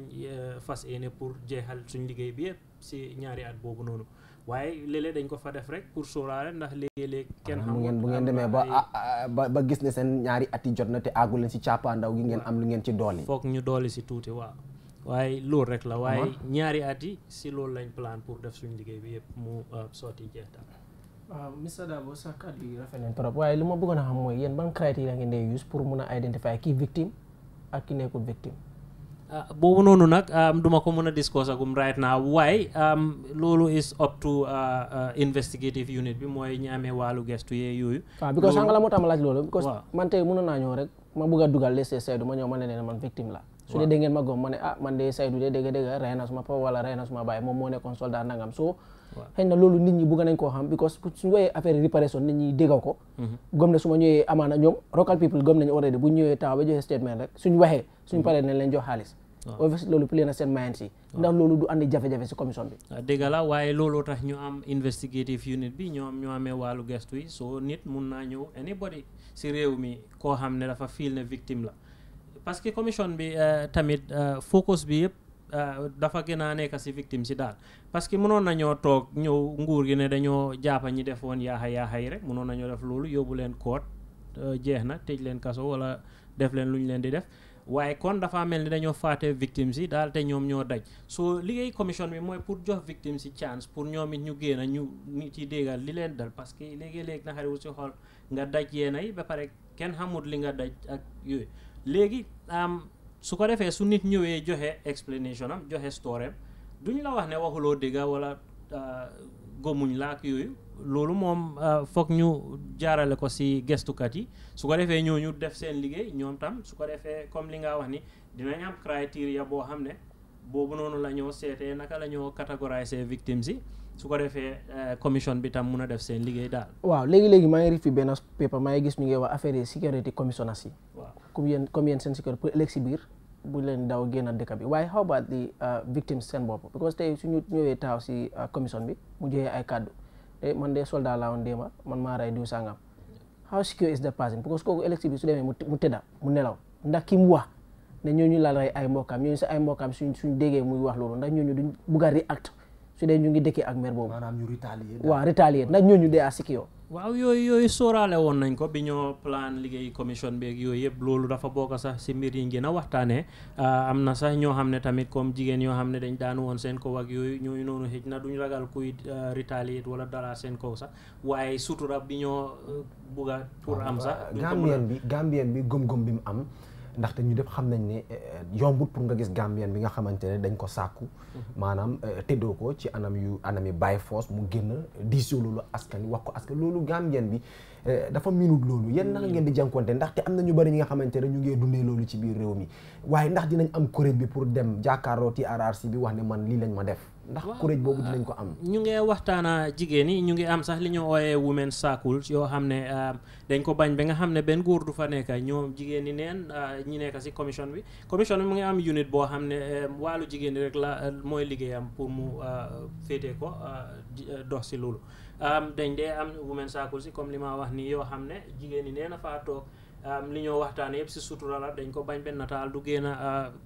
fas yéene pour jeexal suñ liggéey bi yëpp si ñaari at boobu noonu waaye léeg dañ ko fa def rek pour sóoraale ndax léeg-léeg kenn ah, xam ngeen bu ngeen demee ah, ah, ba ba gis ne seen ñaari ati jot na te àggu leen si càppaandaw gi ngeen am lu ngeen ci dooli foog ñu dooli si tuuti waaw waaye loolu rek la waaye ñaari at yi si loolu lañ plan pour def suñu liggéey bi yëpp mu uh, sotti jeex waaw Mr Dabo sax kàddu yi rafet nañ trop waaye li ma bëggoon a xam mooy yéen ban critère ngeen di use pour mun a identifier kii victime ak ki nekkul victime Ah, boobu noonu nag ah, duma ko mën a a agum right now waaye ah, loolu is up to investigative unit bi mooy ñi amee wàllu gestu yee yooyu. waaw because sànq moo tax laaj loolu. because man tey mënoon a nangam so xëy na affaire réparation nit ñi déggaw ko gom mhm. ne ñëwee amaana ñoom local people gom already bu ñu ñëwee taxaw ba joxe statement rek suñu waxee suñu paree nañ leen jox xaalis loolu plié na seen mayens yi ndax loolu du andi jafe-jafe si commission bi ah, dëgg la waaye looloo tax ñu am investigative unit bi ñoom ñoo amee wàllu gestu yi soo nit mun naa ñëw anybody si réew mi koo xam ne dafa fiil ne victim la parce que commission bi euh, tamit euh, focus bi yëpp euh, dafa gën a nekk si victim si daal parce que mënoon nañoo toog ñëw nguur gi ne dañoo jàppa ñi defoon yaaxa yaaxa yi rek mënoon nañoo def loolu yóbbu leen koot jeex na tëj leen kaso wala def leen lu ñu leen di def waaye kon dafa mel ni dañoo faate victimes yi daal te ñoom ñoo daj soo liggéey commission bi mooy pour jox victimes yi chance pour ñoom it ñu génn ñu ñu ci déggal li leen dal parce que léegi-léegi na xariwu si xol nga daj yéen ay ba pare kenn xamut li nga daj ak yooyu léegi su ko defee su nit ñëwee joxe explanation am joxe story am duñ la wax ne waxuloo dégga wala ah, gëmuñ la ak yooyu loolu moom euh, foog ñu jaarale ko si gestukat yi su ko defee ñooñu def seen liggéey ñoom tam su ko defee comme li nga wax ni dinañ am criteria boo xam ne boobu noonu la ñoo seetee naka la ñoo catégoriser victimes yi su ko defee euh, commission bi tam mun a def seen liggéey daal. waaw léegi-léegi maa ngi rif benn paper maa ngi gis ñu ngi wax affaire yi sécurité commissioners yi. waaw comme yéen comme yéen seen sécurité pour ëllëg si biir bu leen bi waaye how about the euh, victimes seen bopp because tey su ñu ñëwee taaw si commission bi mu joxee ay kàddu. eh man de soldat laa woon ma man maa rey diw sangam how secure is the person because kooku élection bi su demee mu tëdda mu nelaw ndax ki mu wax ne ñooñu la rey ay mbokkam ñooñu sa ay mbokkam suñ suñ déggee muy wax loolu ndax ñooñu duñ bugg a react su dee ñu ngi dëkkee ak mer boobu. maanaam ñu retalier. waaw retalier ndax ñooñu dee à secure waaw yooyu yooyu sóoraale woon nañ ko bi ñoo plan liggéeyu commission beeg yooyu yëpp loolu dafa bokk sax si mbir yi gën a waxtaanee ah, am na sax ñoo xam ne tamit comme jigéen yoo xam ne dañ daan woon seen kow ak yooyu ñooñu noonu xëj na duñ ragal kuy ah, retaliate wala dara seen kaw sax waaye sutura bi ñoo ah, bugg pour am sax. gambien bi gambien bi gëm-gëm bi mu am. ndaxte ñu def xam nañ ne euh, yombul pour nga gis Gambien bi nga xamante ne dañ ko sàkku mm-hmm. maanaam euh, tëddoo ko ci anam yu anam yi by force mu génn diisoo loolu askan wax ko askan loolu Gambien bi euh, dafa minut loolu yéen naka ngeen di mm-hmm. jànkonte ndaxte am na ñu bëri ñi nga xamante ne ñu ngee dundee loolu ci biir réew mi waaye ndax dinañ am kuréel bi pour dem jàkkaarloo TRRC bi wax ne man lii lañ ma def ndax kuréel boobu dinañ ko am. Ah, ñu ngi waxtaana jigéen ñi ñu ngi am sax li ñu ooyee women circles yoo xam ne ah, dañ ko bañ bi nga xam ne benn góor du fa nekk ñoom jigéen ñi neen ah, ñi nekk si commission bi commission bi mu ngi am unit boo xam ne eh, wàllu jigéen ñi rek la eh, mooy liggéeyam pour mu féete ko eh, dox si loolu dañ dee am women circles yi comme li ma wax nii yoo xam ne jigéen ñi nee na faa toog. Um, li ñoo waxtaane yëpp si sutura la dañ ko bañ benn nataal du génn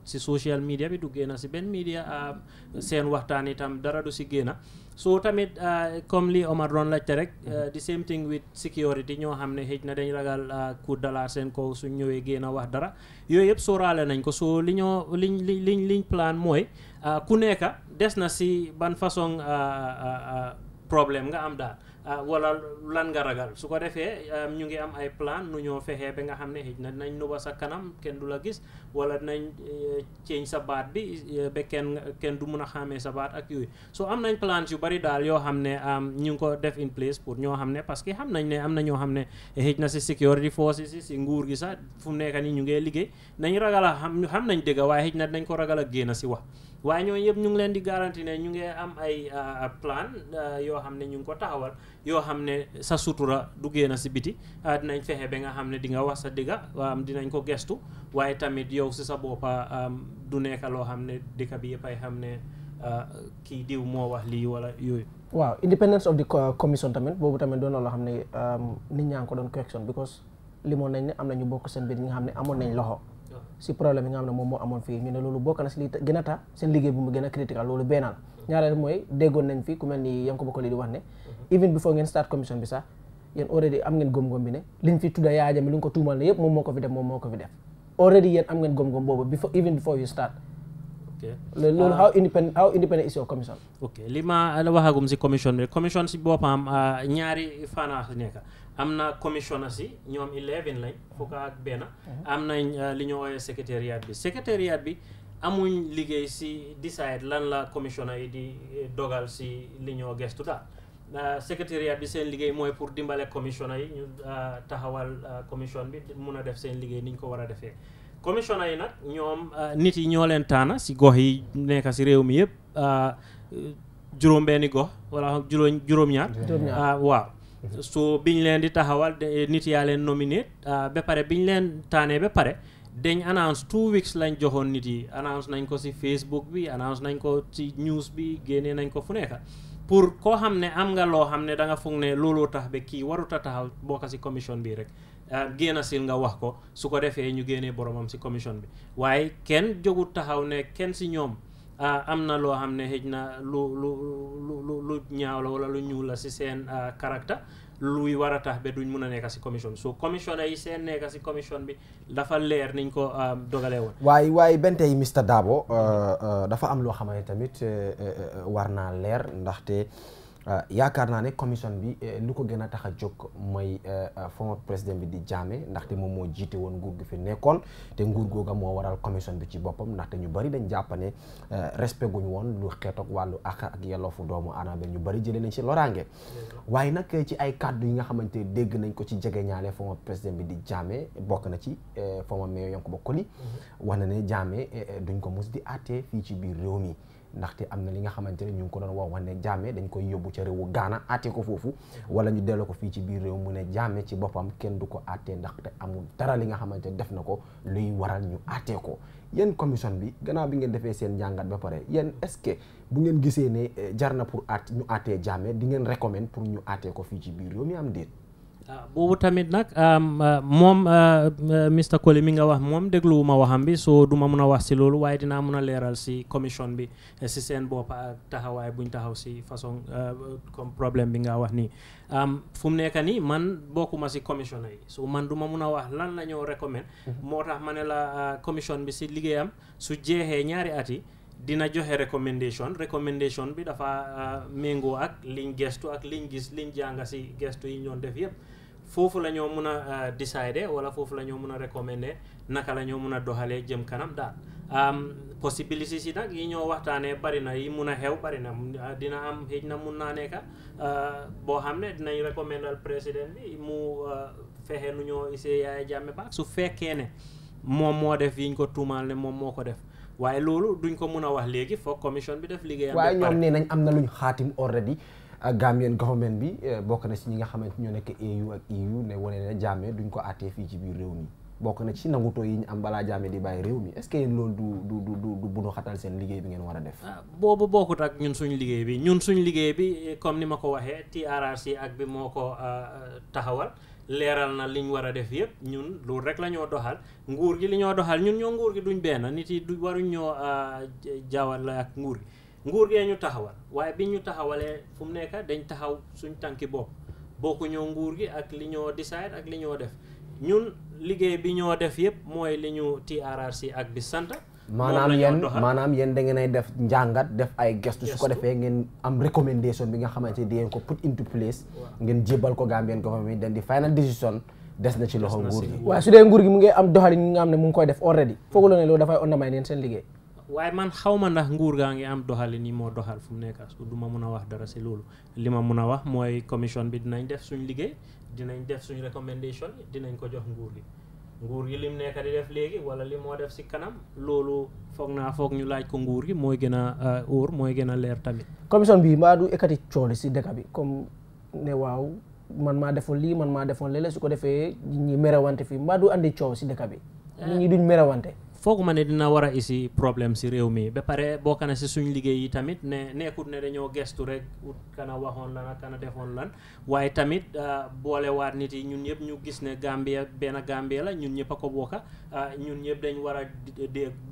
si uh, social media bi du génn si benn media uh, seen waxtaan itam dara du si génn soo tamit uh, comme li Omar doon laajte rek mhm. the same thing with security ñoo xam ne xëj na dañ ragal coup dala seen kaw suñ ñëwee génn wax dara yooyu yëpp sooraale nañ ko so li ñoo liñ li liñ plan mooy ku nekk des na si ban façon problème nga am daal Ah, wala lan nga ragal su ko defee ñu ngi am ay plan nu ñoo fexee ba nga xam ne xëj na dinañ nuba sa kanam kenn du la gis wala dinañ eh, ceeñ sa baat bi eh, ba kenn kenn du mun a xàmmee sa baat ak yooyu so am nañ plans yu bari daal yoo xam ne ñu ngi ko def in place pour ñoo xam ne parce que xam nañ ne am na ñoo xam ne xëj na si security forces si si nguur gi sax fu mu nekk nii ñu ngee liggéey nañ ragal a xam xam nañ dëgg waaye xëj na dinañ ko ragal a génn si wax waaye ñooñu yëpp ñu ngi leen di garanti ne ñu ngi am ay euh, euh, plan euh, yoo xam ne ñu ngi ko taxawal yoo xam ne sa sutura du génn si biti dinañ fexe ba nga xam ne di nga wax sa digga dinañ ko gestu waaye tamit yow si sa boppa du nekk loo xam ne dëkk bi yëpp ay xam ne kii diw moo wax lii wala yooyu. waaw independence of the uh, commission tamit boobu tamit doon loo xam ne um, nit ñaa ngi ko doon correction because limoon nañ ne am na ñu bokk seen biir ñi nga xam ne amoon nañ loxo. si problème yi nga xam ne moom amoon fii ñu loolu bokk na si li gën a tax seen liggéey bi mu gën a critical loolu beenaal ñaareel mooy déggoon nañ fi ku mel ni Yankuba Colley di wax ne mhm. even before ngeen start commission bi sax yéen already am ngeen gom-gom bi ne liñ fi tudda Yaya Jammeh li ñu ko tuumal ne yëpp moom moo ko fi def moom moo ko fi def already yéen am ngeen gom-gom boobu before even start loolu ah. how independent is your commission li ma waxagum ah, am na commissioners si ñoom eleven lañ fukk ak benn mhm. am nañ euh, li ñu ooyee secrétariat bi secretariat bi amuñ liggéey si decide lan la commissioners yi di euh, dogal si li ñoo gestu daal euh, secrétariat bi seen liggéey mooy pour dimbale commissioners yi ñu taxawal commission bi mun a def seen liggéey niñ ko war a defee commissioners yi nag ñoom nit yi ñoo leen taana si gox yi nekk si réew mi yëpp juróom benni gox wala juróom juróom-ñaar waaw so ñu leen di taxawal eh, nit yaa leen nominé ah, ba pare biñ leen taanee ba pare deñ announce two weeks lañ joxoon nit yi announce nañ ko si Facebook bi announce nañ ko ci news bi génnee nañ ko fu nekka pour koo xam ne am nga loo xam ne danga nga ne looloo tax ba kii warut a taxaw bokk si commission bi rek ah, génna sil nga wax ko su ko defee ñu génnee boromam si commission bi waaye kenn jógut taxaw ne kenn si ñoom Ah, am na loo xam ne xëj na lu lu lu lu ñaaw la wala lu ñuul si seen ah, caractère luy war a tax ba duñ mun a nekk si commission bi so commission yi seen nekk si commission bi dafa leer niñ ko ah, dogalee woon. waaye waaye benn tey Mr Dabo dafa am loo xamane tamit eh, eh, eh, war naa leer ndaxte. Euh, yaakaar naa ne commission bi euh, lu ko gën a tax a jóg mooy euh, former président bi di Jammeh ndaxte moom moo jiite woon nguur gi fi nekkoon te nguur googa moo waral commission bi ci boppam ndaxte ñu bari dañ jàppane ne respect guñ woon lu xeetoog wàllu àq ak yellofu doomu aadama ñu bari jëlee nañ ci loraange waaye nag ci ay kàddu yi nga xamante dégg nañ ko ci jege ñaale former président bi di Jammeh bokk na ci former mayor Yankuba Koli mhm. wax na ne Jammeh duñ ko mus di àttee fii ci biir réew mi ndaxte am na li nga xamante ne ñu ngi ko doon wax ne Jammeh dañ koy yóbbu ca réewu gaana àtte ko foofu wala ñu delloo ko fii ci biir réew mu ne Jammeh ci boppam kenn du ko àtte ndaxte amul dara li nga xamante def na ko luy waral ñu àtte ko yéen commission bi gannaaw bi ngeen defee seen jàngat ba pare yéen est-ce que bu ngeen gisee ne eh, jar na pour àtte ñu àttee Jammeh di ngeen recommande pour ñu àttee ko fii ci biir réew mi am déet boobu tamit nag euh, moom euh, euh, mista Colley mi nga wax moom dégluwuma waxam bi soo duma mun a wax si loolu waaye dinaa mun a leeral si commission bi si seen bopp ak taxawaay buñ taxaw si façon comme problème bi nga wax nii fu mu nekk nii man bokkuma si commissioner yi so man duma mun a wax lan la ñoo recommend mhm. moo tax ma ne la commission bi si liggéeyam su jeexee ñaari at yi dina joxe recommendation recommendation bi dafa méngoo ak liñ gestu ak liñ gis liñ jànga si gestu yi ñoon def yëpp foofu la ñoo mun a euh, décider wala foofu la ñoo mun a recommander naka lañoo ñoo mun a doxalee jëm kanam daal possibilités yi nag yi ñoo waxtaanee bari na yi mun a xew bari na ah, dina am xëj na mun naa nekka euh, boo xam ne dinañ recommandal président bi mu euh, fexe nu ñoo isee Yaya Jammeh baak su fekkee ne moom moo def yiñ ko tuumaal ne moom moo ko def waaye loolu duñ ko mun a wax léegi foog commission bi def liggéeyam waaye ñoom nee nañ am na luñ xaatim already ak Gambian government bi eh, bokk na si ñi nga xamante ñoo nekk AU ak EU ne wane na Jammeh duñ ko àttee fii ci biir réew mi bokk na ci nangutoo yi ñu am balaa jàmme di bàyyi réew mi est-ce que yéen loolu du du du du bunu xatal seen liggéey bi ngeen war a def. Ah, boobu bokkut ak ñun suñu liggéey bi ñun suñu liggéey bi comme ni ma ko waxee TRRC ak bi moo ko ah, taxawal. leeral na li ñu war a def yëpp ñun lu rek la ñoo doxal nguur gi li ñoo doxal ñun ñoo nguur gi duñ benn nit yi du waruñ ñoo ah, jaawal nguur nguur gee ñu taxawal waaye bi ñu taxawalee fu mu nekk dañ taxaw suñ tànki bopp ñëw nguur gi ak li ñoo decide ak li ñoo def ñun liggéey bi ñoo def yëpp mooy li ñu TRRC ak bi sant maanaam def njàngat def ay gestu su ko defee ngeen am recommendation bi nga xamante di ngeen ko put into place ngeen jébal ko Gambian government den di final decision des na ci loxo nguur gi waaye su dee nguur gi mu ngi am doxalin nga xam ne mu ngi koy def already fooguloo ne loolu dafay undermine waaye man xaw ma ndax nguur gaa ngi am doxalin yi moo doxal fu mu nekk du ma mun a wax dara si loolu li ma mun a wax mooy commission bi dinañ def suñ liggéey dinañ def suñ recommendation dinañ ko jox nguur gi nguur gi lim nekk di def léegi wala li def si kanam loolu foog naa foog ñu laaj ko nguur gi mooy gën a euh, óor mooy gën a leer tamit commission bi mbaa du ekkati coole si dëkk bi comme ne waaw man maa defoon lii man maa defoon léeg su ko defee ñi merewante fii mbaa du andi coow si dëkk bi euh. nit ñi duñ fooguma ne dina war a isi problème si réew mi ba pare bokk na si suñ liggéey yi tamit ne nekkut ne dañoo gestu rek ut kana waxoon lan ak kana defoon lan waaye tamit ah, boolewaat nit yi ñun ñëpp ñu gis ne Gambia benn Gambia la ñun ñëpp a ko bokka ah, ñun ñëpp dañ war a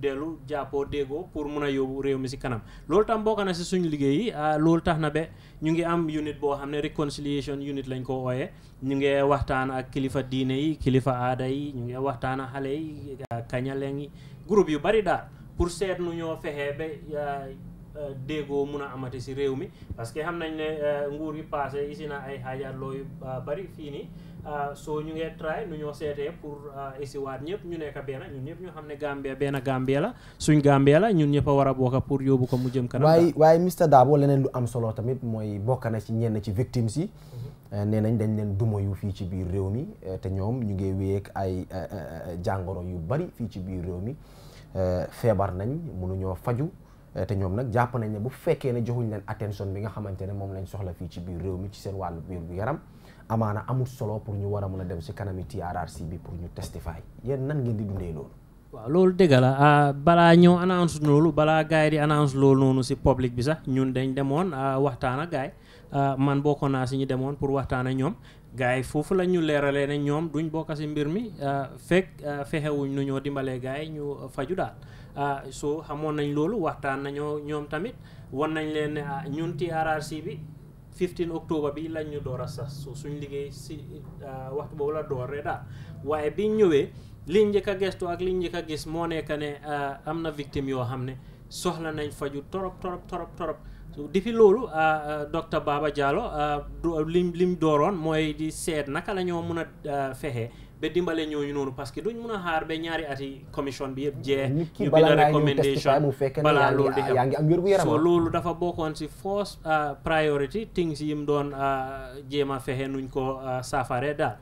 dellu jàppoo déggoo pour mun a yóbbu réew mi si kanam loolu tam bokk na si suñ liggéey yi ah, loolu tax na ba ñu ngi am unit boo xam ne reconciliation unit lañ ko ooyee ñu ngi waxtaan ak kilifa diine yi kilifa aada yi ñu ngi waxtaan ak xale yi kañalen yi groupe yu bari daal pour seet nu ñoo fexee ba déggoo mun a amati si réew mi parce que xam nañ ne eh, nguur yi passé isi na ay xaajaat looyu eh, bari fii nii Euh, so ñu ngee try nu ñoo seetee pour isiwaat euh, ñëpp ñu nekk benn ñun ñëpp ñu xam ne Gambia benn Gambia la suñ Gambia la ñun ñëpp a war a bokk pour yóbbu ko mu jëm kanam waaye waaye Mr Dabo leneen lu am solo tamit mooy bokk na ci ñenn ci victimes si mhm. euh, nee nañ dañ leen duma yu fii ci biir réew mi te ñoom ñu ngi wéyeeg ay jàngoro yu bari fii ci biir réew mi feebar nañ mënuñoo faju te ñoom nag jàpp nañ ne bu fekkee ne joxuñ leen attention bi nga xamante ne moom lañ soxla fii ci biir réew mi ci seen wàllu biir bu yaram amaana amul solo pour ñu war a mën a dem si kanami TRRC bi pour ñu testify yéen nan ngeen di dundee loolu. waaw loolu dëgg la ah, balaa ñëw annonce loolu balaa gars yi di annonce loolu noonu si public bi sax ñun dañ demoon ah, waxtaan ak gars ah, man bokkoon naa si ñu demoon pour waxtaan ak ñoom. gars yi foofu la ñu leeralee ne ñoom duñ bokk si mbir mi fekk fexewuñ nu ñoo dimbalee gars yi ñu faju daal so xamoon nañ loolu waxtaan nañoo ñoom tamit wan nañ leen ne ñun TRRC bi. 15 octobre bi lañ ñu door a sas so suñ liggéey si uh, waxtu boobu la door rek waaye biñ ñëwee liñ njëkk a gestu ak liñ njëkk a gis moo nekk ne uh, am na victime yoo xam ne soxla nañ faju torop torop torop torop depuis loolu uh, docteur Baba Diallo lim lim dooroon mooy di seet naka lañoo ñoo mun a fexe be dimbale ñooñu noonu parce que duñ mun a xaar ba ñaari ati commission bi yëpp jeex. ñu bind recommendation balaa loolu di am so loolu dafa bokkoon si force uh, priority things yi mu doon uh, jéem a fexe nuñ ko uh, saafare daal.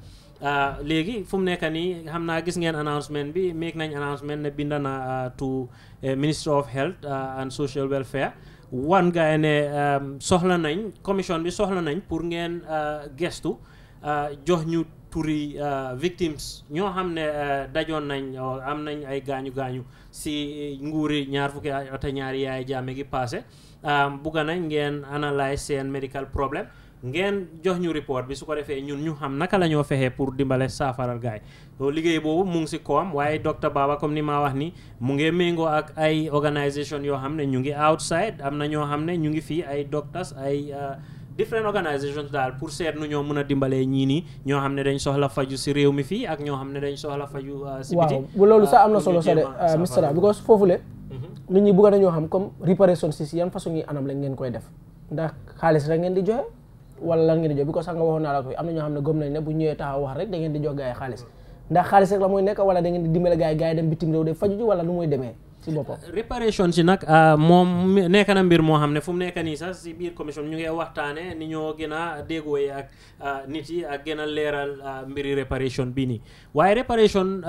léegi fu mu nekk nii xam naa gis ngeen announcement bi make nañ announcement ne binda na to minister of health and social welfare wan gaay ne um, soxla nañ commission bi soxla nañ pour ngeen gestu jox ñu. turi euh, victimes ñoo xam ne euh, dajoon nañ euh, am nañ ay gaañu gaañu si nguuri ñaar fukki at ñaari yaay jaame gi passé bugga nañ ngeen analyse seen medical problème ngeen jox ñu report bi su ko defee ñun ñu xam naka la ñoo fexee pour dimbale saafaral gaay yi liggéey boobu mu ngi si koom waaye docteur Baba comme ni maa wax ni mu ngi méngoo ak ay organisation yoo xam ne ñu ngi outside am na ñoo xam ne ñu ngi fii ay doctors ay different organisations daal pour seet nu ñoo mën a dimbalee ñii nii ñoo xam ne dañ soxla faju si réew mi fii ak ñoo xam ne dañ soxla faju euh, si biti waaw loolu sax am na solo euh, sole euh, mistara because foofule mhm. nit si si façon yi anam lañ ngeen koy def ndax xaalis rek ngeen di joxe wala la ngeen di jox gars yi xaalis ndax xaalis rek la mooy nekk wala da di dimbale gars yi gars yi dem bitim réew de faju ji wala nu muy demee ci boppam. Euh, réparation ci nag euh, moom nekk na mbir moo xam ne fu mu nekk nii sax si biir commission ñu ngi waxtaanee ni ñoo gën a déggooyee ak euh, nit yi ak gën a leeral mbiri réparation bi nii waaye réparation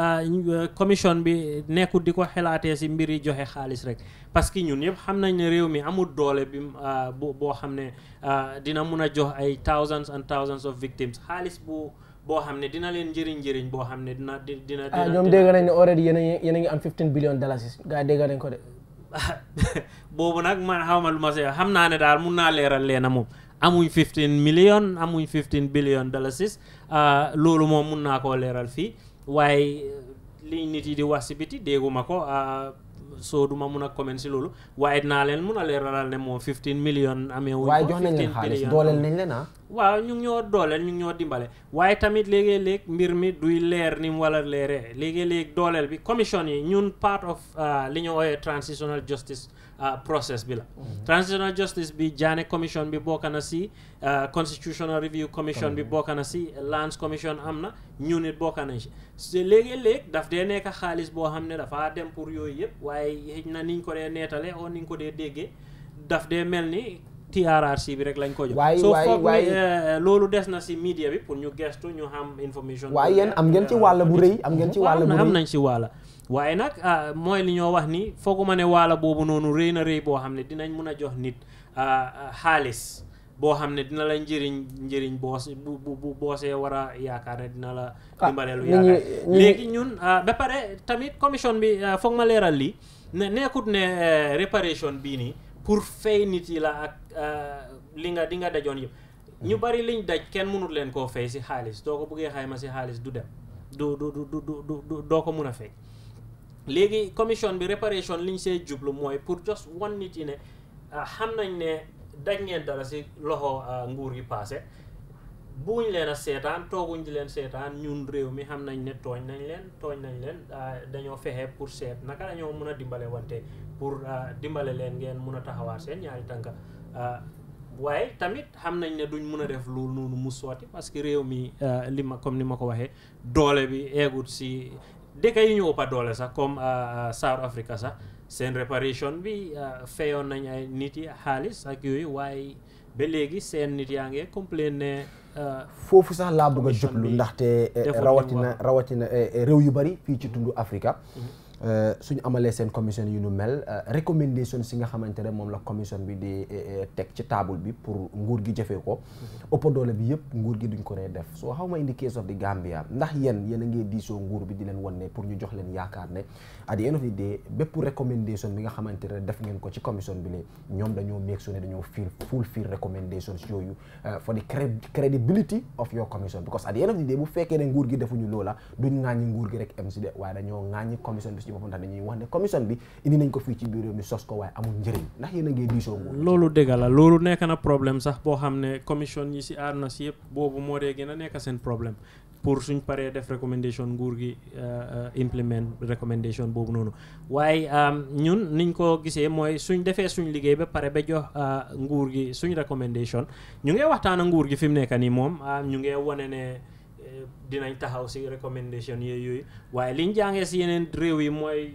commission bi nekkul di ko xelaatee si mbiri joxe xaalis rek parce que ñun yëpp xam nañ ne réew mi amul doole bi boo xam ne dina mun a jox ay thousands and thousands of victims xaalis bu. boo xam ne dina leen njëriñ njëriñ boo xam ne dina dina dina. ah ñoom dégg nañ ne already yéen a ngi am billion dollars gaa yi dégg ko de. *laughs* boobu nag ma lu ma see xam naa ne daal mun naa leeral leena moom amuñ 15 million amuñ 15 billion dollars ah, loolu moom mun naa koo leeral fii waaye li nit yi di wax si biti dégguma ko ah, soo duma mun a comment si loolu waaye naa leen mun a leeralal ne moom 15 million amee wu waaye jox nañ leen xaalis dooleel nañ leen ah waaw ñu ñoo dooleel ñu ngi ñoo dimbale waaye tamit léegi-léeg mbir mi duy leer ni mu war a leeree léegi-léeg dooleel bi commission yi ñun part of ah, li ñu ooyee transitional justice Uh, process bi la mm-hmm. transitional justice bi Jaane commission bi bokk na si uh, constitutional review commission bi mm-hmm. bokk na si lands commission am na ñu nit bokk nañ si léegi-léeg daf dee nekk xaalis boo xam ne dafa dem pour yooyu yëpp waaye xëy na niñ ko dee neetale oo niñ ko dee déggee daf dee mel ni TRRC bi rek lañ ko jox. waay waay waay uh, loolu des na si media bi pour ñu gestu ñu xam information. waaye yéen am ngeen ci wàll bu rëy am ngeen ci wàll bu rëy nañ si wàll. waaye nag ah, mooy li ñoo wax ni fooguma ne waala boobu noonu rëy na rëy boo xam ne dinañ mun a jox nit ah, ah, xaalis boo xam ne dina la njëriñ njëriñ boos bu boosee war a yaakaar ne dina la dimbaleelu yaakaar léegi ñun ba pare tamit commission bi foog ma leeral lii ne nekkut ne eh, réparation bii nii pour fay nit yi la ak li nga di nga dajoon yëpp ñu bari liñ daj kenn mënut leen koo fay si xaalis doo ko bëggee xayma si xaalis du dem du doo ko mun a fay léegi commission bi réparation li ñu see jublu mooy pour just wan nit yi ne ah, xam nañ ne dañ ngeen dara si loxo ah, nguur yi paase buuñ leen a seetaan tooguñ di leen seetaan ñun réew mi xam nañ ne tooñ nañ leen tooñ nañ leen ah, dañoo fexe pour seet naka dañoo mun a dimbale wante pour dimbale leen ngeen mun a taxawaat seen ñaari tànk waaye tamit xam nañ ne duñ mun a def lu noonu mu sotti parce que réew mi li ma comme ni ma ko waxee doole bi eegut si dëkk yi ñu ëppa doole sax comme euh, euh, South Africa sax seen réparation bi euh, fayoon nañ ay nit yi xaalis ak yooyu waaye ba léegi seen nit yaa ngi complain ne foofu sax laa bëgg jublu ndaxte rawatina rawatina réew yu bari fii ci tundu Afrika mhm. Euh, suñu amalee seen commission yu nu mel euh, recommandation si nga xamante ne moom la commission bi di eh, eh, teg ci table bi pour nguur gi jëfee ko mm-hmm. ëpp doole bi yëpp nguur gi duñ ko nee def soo xaw ma indi case of the Gambia ndax yéen yéen a ngi diisoo nguur bi di leen wan ne pour ñu jox leen yaakaar ne at the end of the day bépp recommendation bi nga xamante ne def ngeen ko ci commission bi lee ñoom dañoo make sure ne dañoo feel recommendations yooyu euh, for the credibility of your commission because at the end of the day bu fekkee ne nguur gi defuñu loola duñ ŋaañi nguur gi rek am si de waaye dañoo ŋaañi commission bi si boppam ndax dañuy wax ne commission bi indi nañ ko fii ci bureau mi sos ko waaye amul njëriñ ndax yéen ngee diisoo nguur loolu dëgg la xam ne commission yi moo dee gën a nekk seen pour suñ paree def recommendation nguur gi euh, euh, implement recommendation boobu noonu waaye euh, ñun niñ ko gisee mooy suñ defee suñ liggéey ba pare ba jox nguur gi suñ recommendation ñu ngi waxtaan ak nguur gi fi mu nekk nii moom ñu ngi wane ne dinañ taxaw si recommendation yooyu waaye liñ jàngee si yeneen réew yi mooy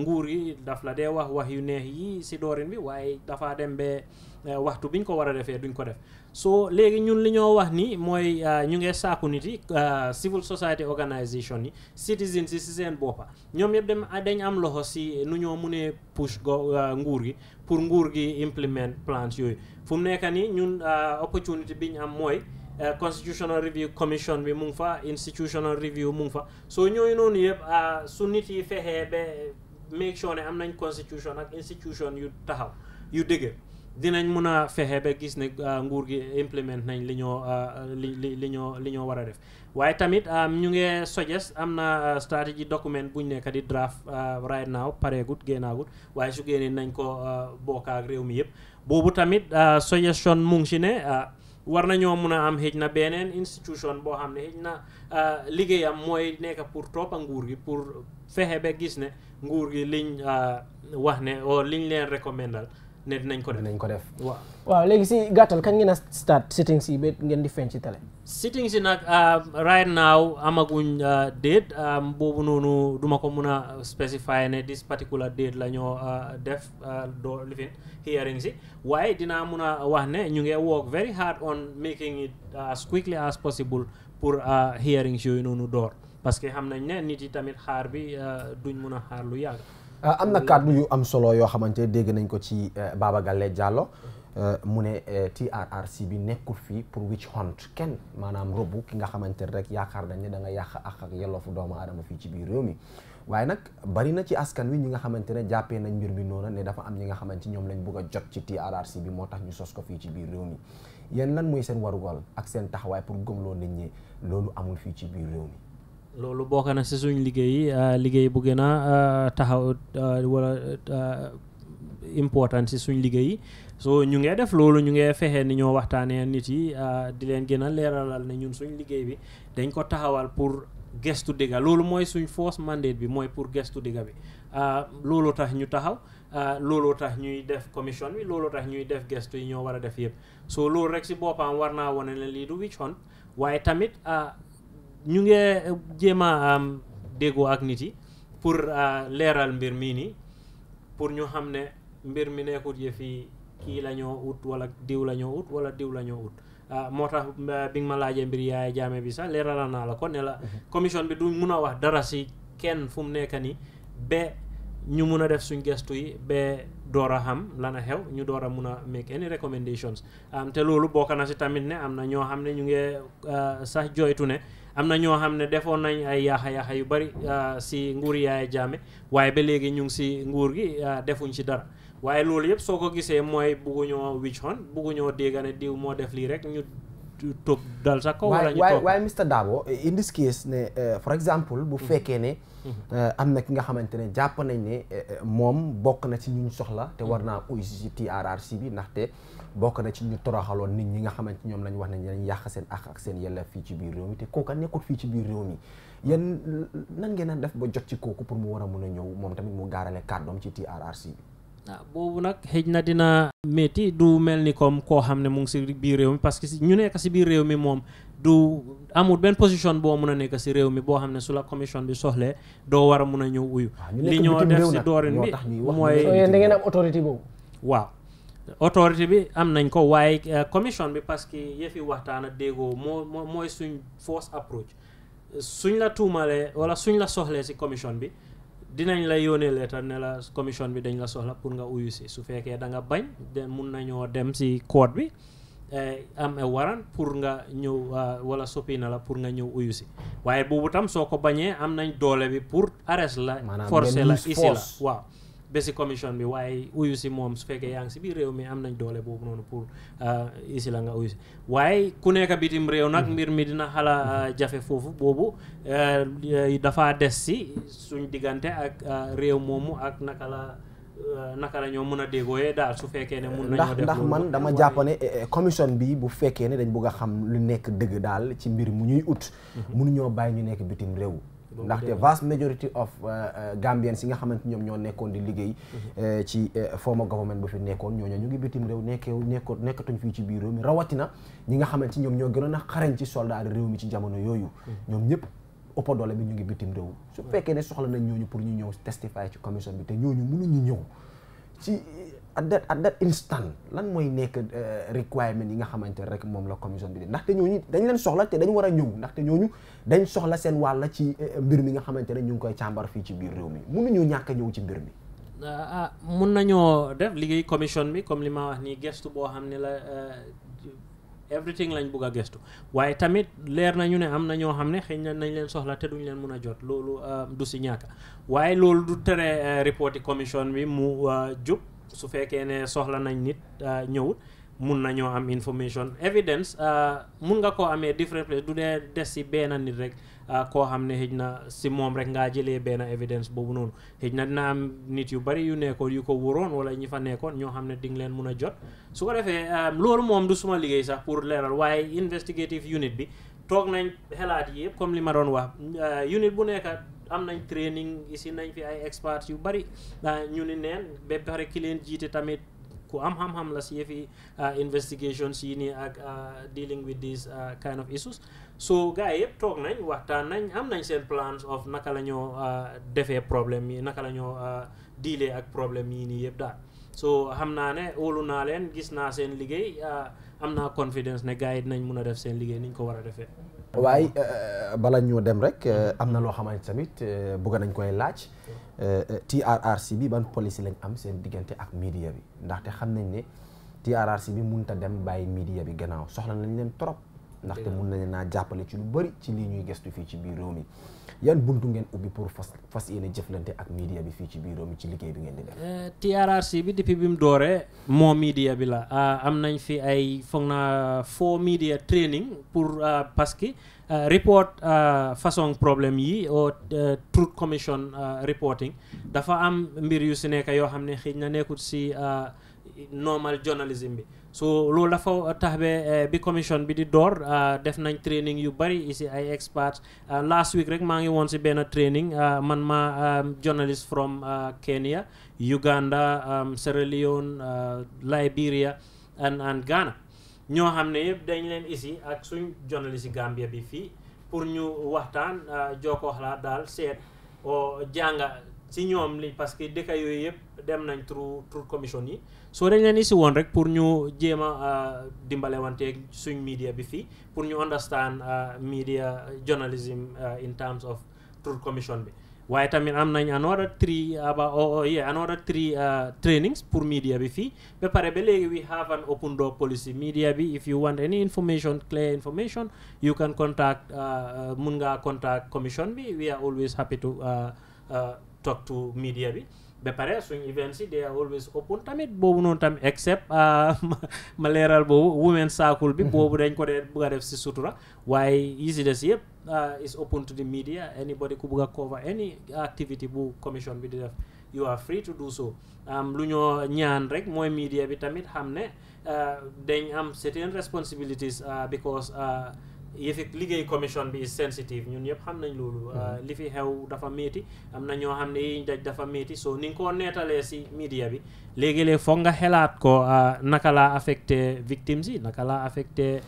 nguur gi daf la dee wax wax yu neex yi si doorin bi waaye dafa dem be waxtu biñ ko war a defee duñ ko def so léegi ñun li ñoo wax ni mooy euh, ñu ngi saaku nit yi euh, civil society organisation yi citizens si seen boppa ñoom yëpp dem dañ am loxo si nu ñoo munee push go euh, nguur gi pour nguur gi implement plans yooyu fu mu nekk nii ñun opportunity bi ñu am mooy constitutional review commission bi mu ngi fa institutional review mu ngi fa soo ñooyu noonu yëpp su nit yi fexee ba make sure ne am nañ constitution ak institution yu taxaw yu dëgër dinañ mun a fexe ba gis ne ah, nguur gi implement nañ li ñoo ah, li li ñoo li ñoo war a def waaye tamit ah, ñu ngi suggest am na strategy document buñ nekk di draft right now pareegut génnaagut waaye su génnee nañ ko bokk réew mi yëpp boobu tamit suggestion mu ngi si ne war nañoo mun a am xëj na beneen institution boo xam ne xëj na liggéeyam mooy nekk pour toppa nguur gi pour fexe ba gis ne nguur gi liñ wax ne o liñ leen recommendal ne dinañ ko def dinañ ko def. waaw waaw léegi si gàttal kañ ngi a start sittings yi ba ngeen di feeñ ci télé. sittings yi nag um, right now amaguñ uh, date um, boobu noonu duma ko mun a specify ne this particular date la ñoo uh, def uh, doo lifin hearings yi waaye dinaa mun a wax ne ñu ngi work very hard on making it as quickly as possible pour hearings yooyu noonu door parce que xam nañ ne nit yi tamit xaar bi duñ mun a xaar lu yàgg. Euh, am na kàddu yu am solo yoo xamante dégg nañ ko ci euh, Baba Galle Diallo euh, mu ne TRRC bi nekkul fii pour witch hunt kenn maanaam rëbbu ki nga xamante rek yaakaar nañ ne da nga yàq ak ak yellofu doomu aadama fii ci biir réew mi waaye nag bari na ci askan wi ñi nga xamante ne jàppee nañ mbir mi noonu ne dafa am ñi nga xamante ñoom lañ bëgg a jot ci TRRC bi moo tax ñu sos ko fii ci biir réew mi yéen lan mooy seen warugal ak seen taxawaay pour gëmloo nit ñi loolu amul fii ci biir réew mi. loolu boo bokk na si suñ liggéey euh, liggéey bu gën a euh, taxaw euh, wala important si suñ liggéey so ñu ngee def loolu ñu ngee fexe ni ñoo waxtaanee nit yi di leen gën a leeralal ne ñun suñ liggéey bi dañ ko taxawal pour gestu dëgga loolu mooy suñ force mandate bi mooy pour gestu dëgga bi loolu tax ñu taxaw looloo tax ñuy def commission bi looloo tax ñuy def gestu yi ñoo war a def yëpp so loolu rek si boppam war naa wane ne lii du wicc xon waaye tamit ñu ngi eh, jéem a déggoo ak nit yi pour ah, leeral mbir mii nii pour ñu xam ne mbir mi nekkut yëf fii kii la ñoo ut wala diw la ñoo ut wala diw la ñoo ut ah, moo tax ah, bi nga ma laajee mbir yaay jaame bi sax leeralal la ko ne la mhm. commission bi du mun a wax dara si kenn fu mu nekk nii ba ñu mun a def suñ gestu yi ba door a xam lana xew ñu door a mun a make any recommendations te loolu bokk na si tamit ne am na ñoo xam ne ñu ngi eh, sax joytu ne am na ñoo xam ne defoon nañ ay yaaxa-yaaxa yu bari euh, si nguur yaay Jammeh waaye ba léegi ñu ngi si nguur gi euh, defuñ ci dara waaye loolu yëpp soo ko gisee mooy bugguñoo wiccoon bugguñoo dégg ne diw moo def lii rek ñu toog dal sa kaw. waaye ñu toog waaye Mr Dabo eh, in this case ne eh, for example. bu mhm. fekkee ne. Mhm. Eh, am na ki nga xamante ne jàpp nañ ne moom bokk na ci ñu soxla. te war mhm. naa uy ci TRRC bi ndaxte bokk na ci ñu toroxaloon nit ñi nga xamante ñoom lañ wax nañ dañ yàq seen àq ak seen yella fii ci biir réew mi te kooka nekkut fii ci biir réew mi. yéen nan ngeen def ba jot ci kooku pour mu war a mun a ñëw moom tamit mu gaarale kàddoom ci TRRC bi. waaw ah, boobu nag xëj na dina métti du mel ni koom koo xam ne mu ngi si biir réew mi parce que ñu nekk si biir réew mi moom du amul benn position boo mun a nekk si réew mi boo xam ne su la commission bi soxlee doo war a mun a ñëw uyu ah, li ñoo def si doorin bi mooy da ngeen am autorité boobu waaw autorité bi am nañ ko waaye euh, commission bi parce que yëfi waxtaan a déggoo moo mooy suñ force approach suñ la tuumalee wala suñ la soxlee si commission bi dinañ lay yónnee leetal ne la commission bi dañ la soxla pour nga uyu si su fekkee danga bañ de mun nañoo dem si court bi eh, am a pour nga ñëw ah, wala soppi na la pour nga ñëw uyu si waaye boobu tam soo ko bañee am nañ doole bi pour arrest la forcé la isi la waaw bési commission bi waaye uyu si moom su fekkee yaa ngi si biir réew mi am nañ doole boobu noonu pour euh, isi la nga uyu si waaye ku nekk bitim réew nag mhm. mbir mi dina xala euh, mhm. jafe foofu boobu euh, dafa des si suñ diggante ak réew moomu ak naka la naka la ñoo mën a déggooyee daal su fekkee ne mun nañoo def ndax man dama jàpp ne eh, eh, commission bi bu fekkee ne dañ bëgg a xam lu nekk dëgg daal ci mbir mu ñuy ut mënuñoo mhm. bàyyi ñu nekk bitim réew ndaxte vast majority of euh, euh, Gambians si nga xamante ñoom ñoo nekkoon di liggéey mhm. euh, ci former government bu fi nekkoon ñooñu ñu ngi bitim réew nekkeew nekkoon nekkatuñ fii ci biir réew mi rawatina ñi nga xamante ñoom ñoo gënoon a xarañ ci soldat réew mi ci jamono yooyu mhm. ñoom ñëpp ëpp doole bi ñu ngi bitim réew su fekkee ne soxla nañ ñooñu pour ñu ñëw testify ci commission bi te ñooñu mënuñu ñëw ci at that at instant lan mooy nekk euh, requirement yi nga xamante rek moom la commission bi di ndaxte ñooñu dañ leen soxla te dañ war a ñëw ndaxte ñooñu dañ soxla seen wàll ci euh, mbir mi nga xamante ne ñu ngi koy càmbar fii ci biir réew mi mënuñu ñàkk a ñëw ci mi. Ah, ah mun nañoo def liggéey commission bi comme li ma nii gestu boo xam ne la euh, everything lañ bugg a gestu waaye tamit leer nañu ne am na ñoo xam ne xëy na nañ leen soxla te duñ leen mun a jot loolu du si ñàkk waaye loolu du tere report commission bi mu jub. su fekkee ne soxla nañ nit euh, ñëwut mun nañoo am information evidence euh, mun nga koo amee different place du dee des si benn nit rek euh, koo xam ne xëj na si moom rek ngaa jëlee benn evidence boobu noonu xëj na dina am nit yu bari yu nekkoon yu ko wóoroon wala ñi fa nekkoon ñoo xam ne di nga leen mun a jot su ko defee loolu moom du suma liggéey sax pour leeral waaye investigative unit bi toog nañ xelaat yi yëpp comme li ma doon wax unit bu nekk am nañ training si nañ fi ay experts yu bari ñu ni neen ba pare ki leen jiite tamit ku am xam-xam la si yëfi ah, investigations yi nii ak ah, dealing with these ah, kind of issues so gars yi yëpp toog nañ waxtaan nañ am nañ seen plans of naka la ñoo defee problème yi naka la ñoo dealee ak problème yi nii yëpp daal so xam naa ne óolu naa leen gis naa seen liggéey am naa confidence ne gars yi dinañ mun a def seen liggéey ni ko war a defee waaye euh, euh, bala ñu dem rek euh, am na loo xamante tamit bëgg nañ koy laaj TRRC bi ban policy lañ am seen diggante ak media bi ndaxte xam nañ ne TRRC bi mënut a dem bàyyi media bi gannaaw soxla nañ leen trop. ndaxte mun na nañ naa jàppale ci lu bëri ci lii ñuy gëstu fii ci biir réew mi. yan buntu ngeen ubbi pour fas fas yéene jëflante ak media bi fii ci biir mi ci liggéey bi ngeen di def. Euh, TRRC bi mu dooree moo media bi la ah, am nañ fi ay foog naa foo media training pour ah, parce que ah, report façon problème yi au euh, Truth Commission reporting dafa am mbir yu si nekk yoo xam ne xëy na nekkut si. normal journalism bi so loolu dafa tax be eh, bi commission bi di door eh, def nañ training yu bari si ay experts eh, last week rek maa ngi woon si benn training man ma journalist from Kenya Uganda Sierra Leone Liberia and and Ghana ñoo xam ne yëpp dañ leen isi ak suñ journalist Gambia bi fii pour ñu waxtaan jokkoo xalaat daal seet o jànga si ñoom li parce que dëkk yooyu yëpp dem nañ through through commission yi soo dañ si woon rek pour ñu jéem a dimbale wanteeg suñ media bi fii pour ñu understand uh, media journalism uh, in terms of through commission bi waaye tamit am nañ another three aba uh, oh, oh, trainings pour media bi fii ba pare ba léegi we have an open door policy media bi if you want any information clear information you can contact mun ngaa contact commission bi we are always happy to talk to media bi be pare suñ events yi they are always open tamit boobu noonu tamit except *laughs* ah, ma leeral boobu women circle bi boobu dañ ko dee bëgg a def si sutura waaye yi si des yëpp ah, is open to the media anybody ku bëgg a cover any activity bu commission bi di def you are free to do so lu ñoo ñaan rek mooy media bi tamit xam ne ah, dañ am certain responsibilities because yëfi liggéey commission bi is sensitive ñun yëpp xam nañ loolu hmm. ah, li fi xew dafa métti am na ñoo xam ne yiñ daj dafa métti so ni nga ko neetalee si media bi léegi-léeg foog nga xelaat ko ah, naka laa affecté victimes yi naka laa affecté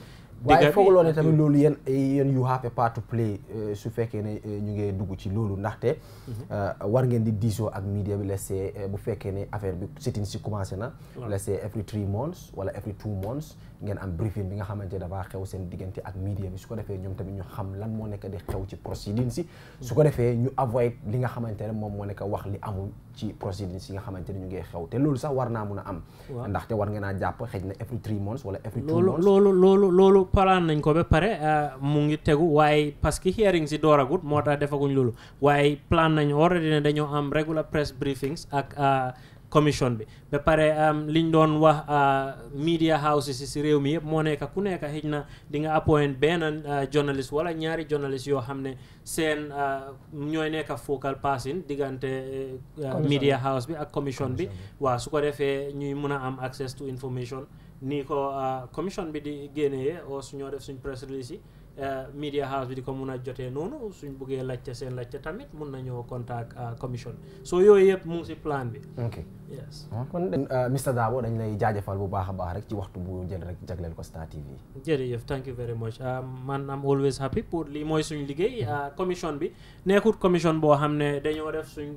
waaye tamit loolu yéen yéen you have a eh, su fekkee ne eh, ñu ngee dugg ci loolu ndaxte mhm. eh, war ngeen di diisoo ak media bi laissé bu fekkee ne affaire bi sit si commencé na laissé every three months wala every two months ngeen am briefing bi nga xamante dafaa xew seen diggante ak media bi su ko defee ñoom tamit ñu xam lan moo nekk di xew ci proceedings si su ko defee ñu avoid li nga xamante ne moom moo nekk wax li amul ci proceedings yi nga xamante ne ñu ngi xew te loolu sax war naa mun a am ndaxte war ngeen naa jàpp xëj na every three months wala every two months loolu loolu loolu palaan nañ ko ba pare euh, mu ngi tegu waaye parce que hearing si dooragut moo tax defaguñ loolu waaye plan nañ already ne dañoo am regular press briefings ak euh, commission bi ba pare liñ doon wax ah, media houses si réew mi yëpp moo nekk ku nekk xëj na di nga appoint benn ah, journalist wala ñaari journalist yoo xam ne seen ah, ñooy nekk focal person diggante eh, media house bi ak commission bi waaw su ko defee ñuy mun a am access to information nii ko commission bi di génnee oo suñoo def suñ press release yi Euh, media house bi di ko mun a jotee noonu suñ buggee laajte seen laajte tamit mun nañoo contact euh, commission so yooyu yëpp mu ngi si plan bi. ok yes. Ah. kon euh, Mr Darboe dañ lay jaajëfal bu baax a baax rek ci waxtu bu jël rek jagleel ko Star TV. jërëjëf thank you very much man am always happy pour lii mooy suñ liggéey commission bi nekkut commission boo xam ne dañoo def suñ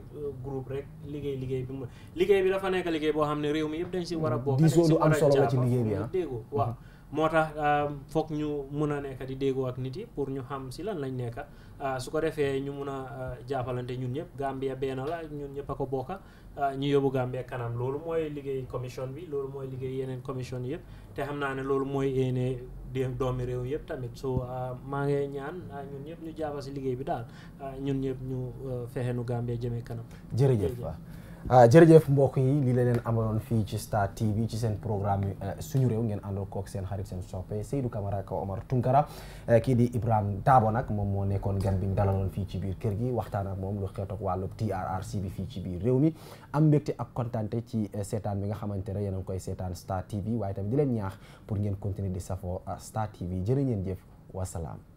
groupe rek liggéey liggéey bi mu liggéey bi dafa nekk liggéey boo xam ne réew mi yëpp dañ si war a bokk. dañ liggéey bi ah. moo tax euh, foog ñu mun a nekk di déggoo ak nit yi pour ñu xam si lan lañ nekk euh, su ko defee ñu mun a euh, jàppalante ñun ñëpp Gambia benn la ñun ñëpp a ko bokk ñu yóbbu Gambia kanam loolu mooy liggéey commission bi loolu mooy liggéey yeneen commission yëpp te xam naa ne loolu mooy yéene doomi réew yëpp tamit so maa ngi ñaan ñun ñëpp ñu jàppa si liggéey bi daal ñun ñëpp ñu fexe nu Gambia jëmee kanam. jërëjëf waaw Ah, jërëjëf mbokk yi lii la leen amaloon fii ci Star TV ci seen programme eh, suñu réew ngeen àndoo kook seen xarit seen soppe Seydou Camara ak Omar Tunkara eh, kii di Ibrahima Dabo nag moom moo nekkoon gan bi ñu dalaloon fii ci biir kër gi waxtaan moom lu xeet ak wàllu TRRC bi fii ci biir réew mi am ak kontante ci eh, seetaan bi nga xamante ne yéen a koy seetaan Star TV waaye tamit di leen ñaax pour ngeen continuer di safoo ah, Star TV jërë ngeen jëf wasalaam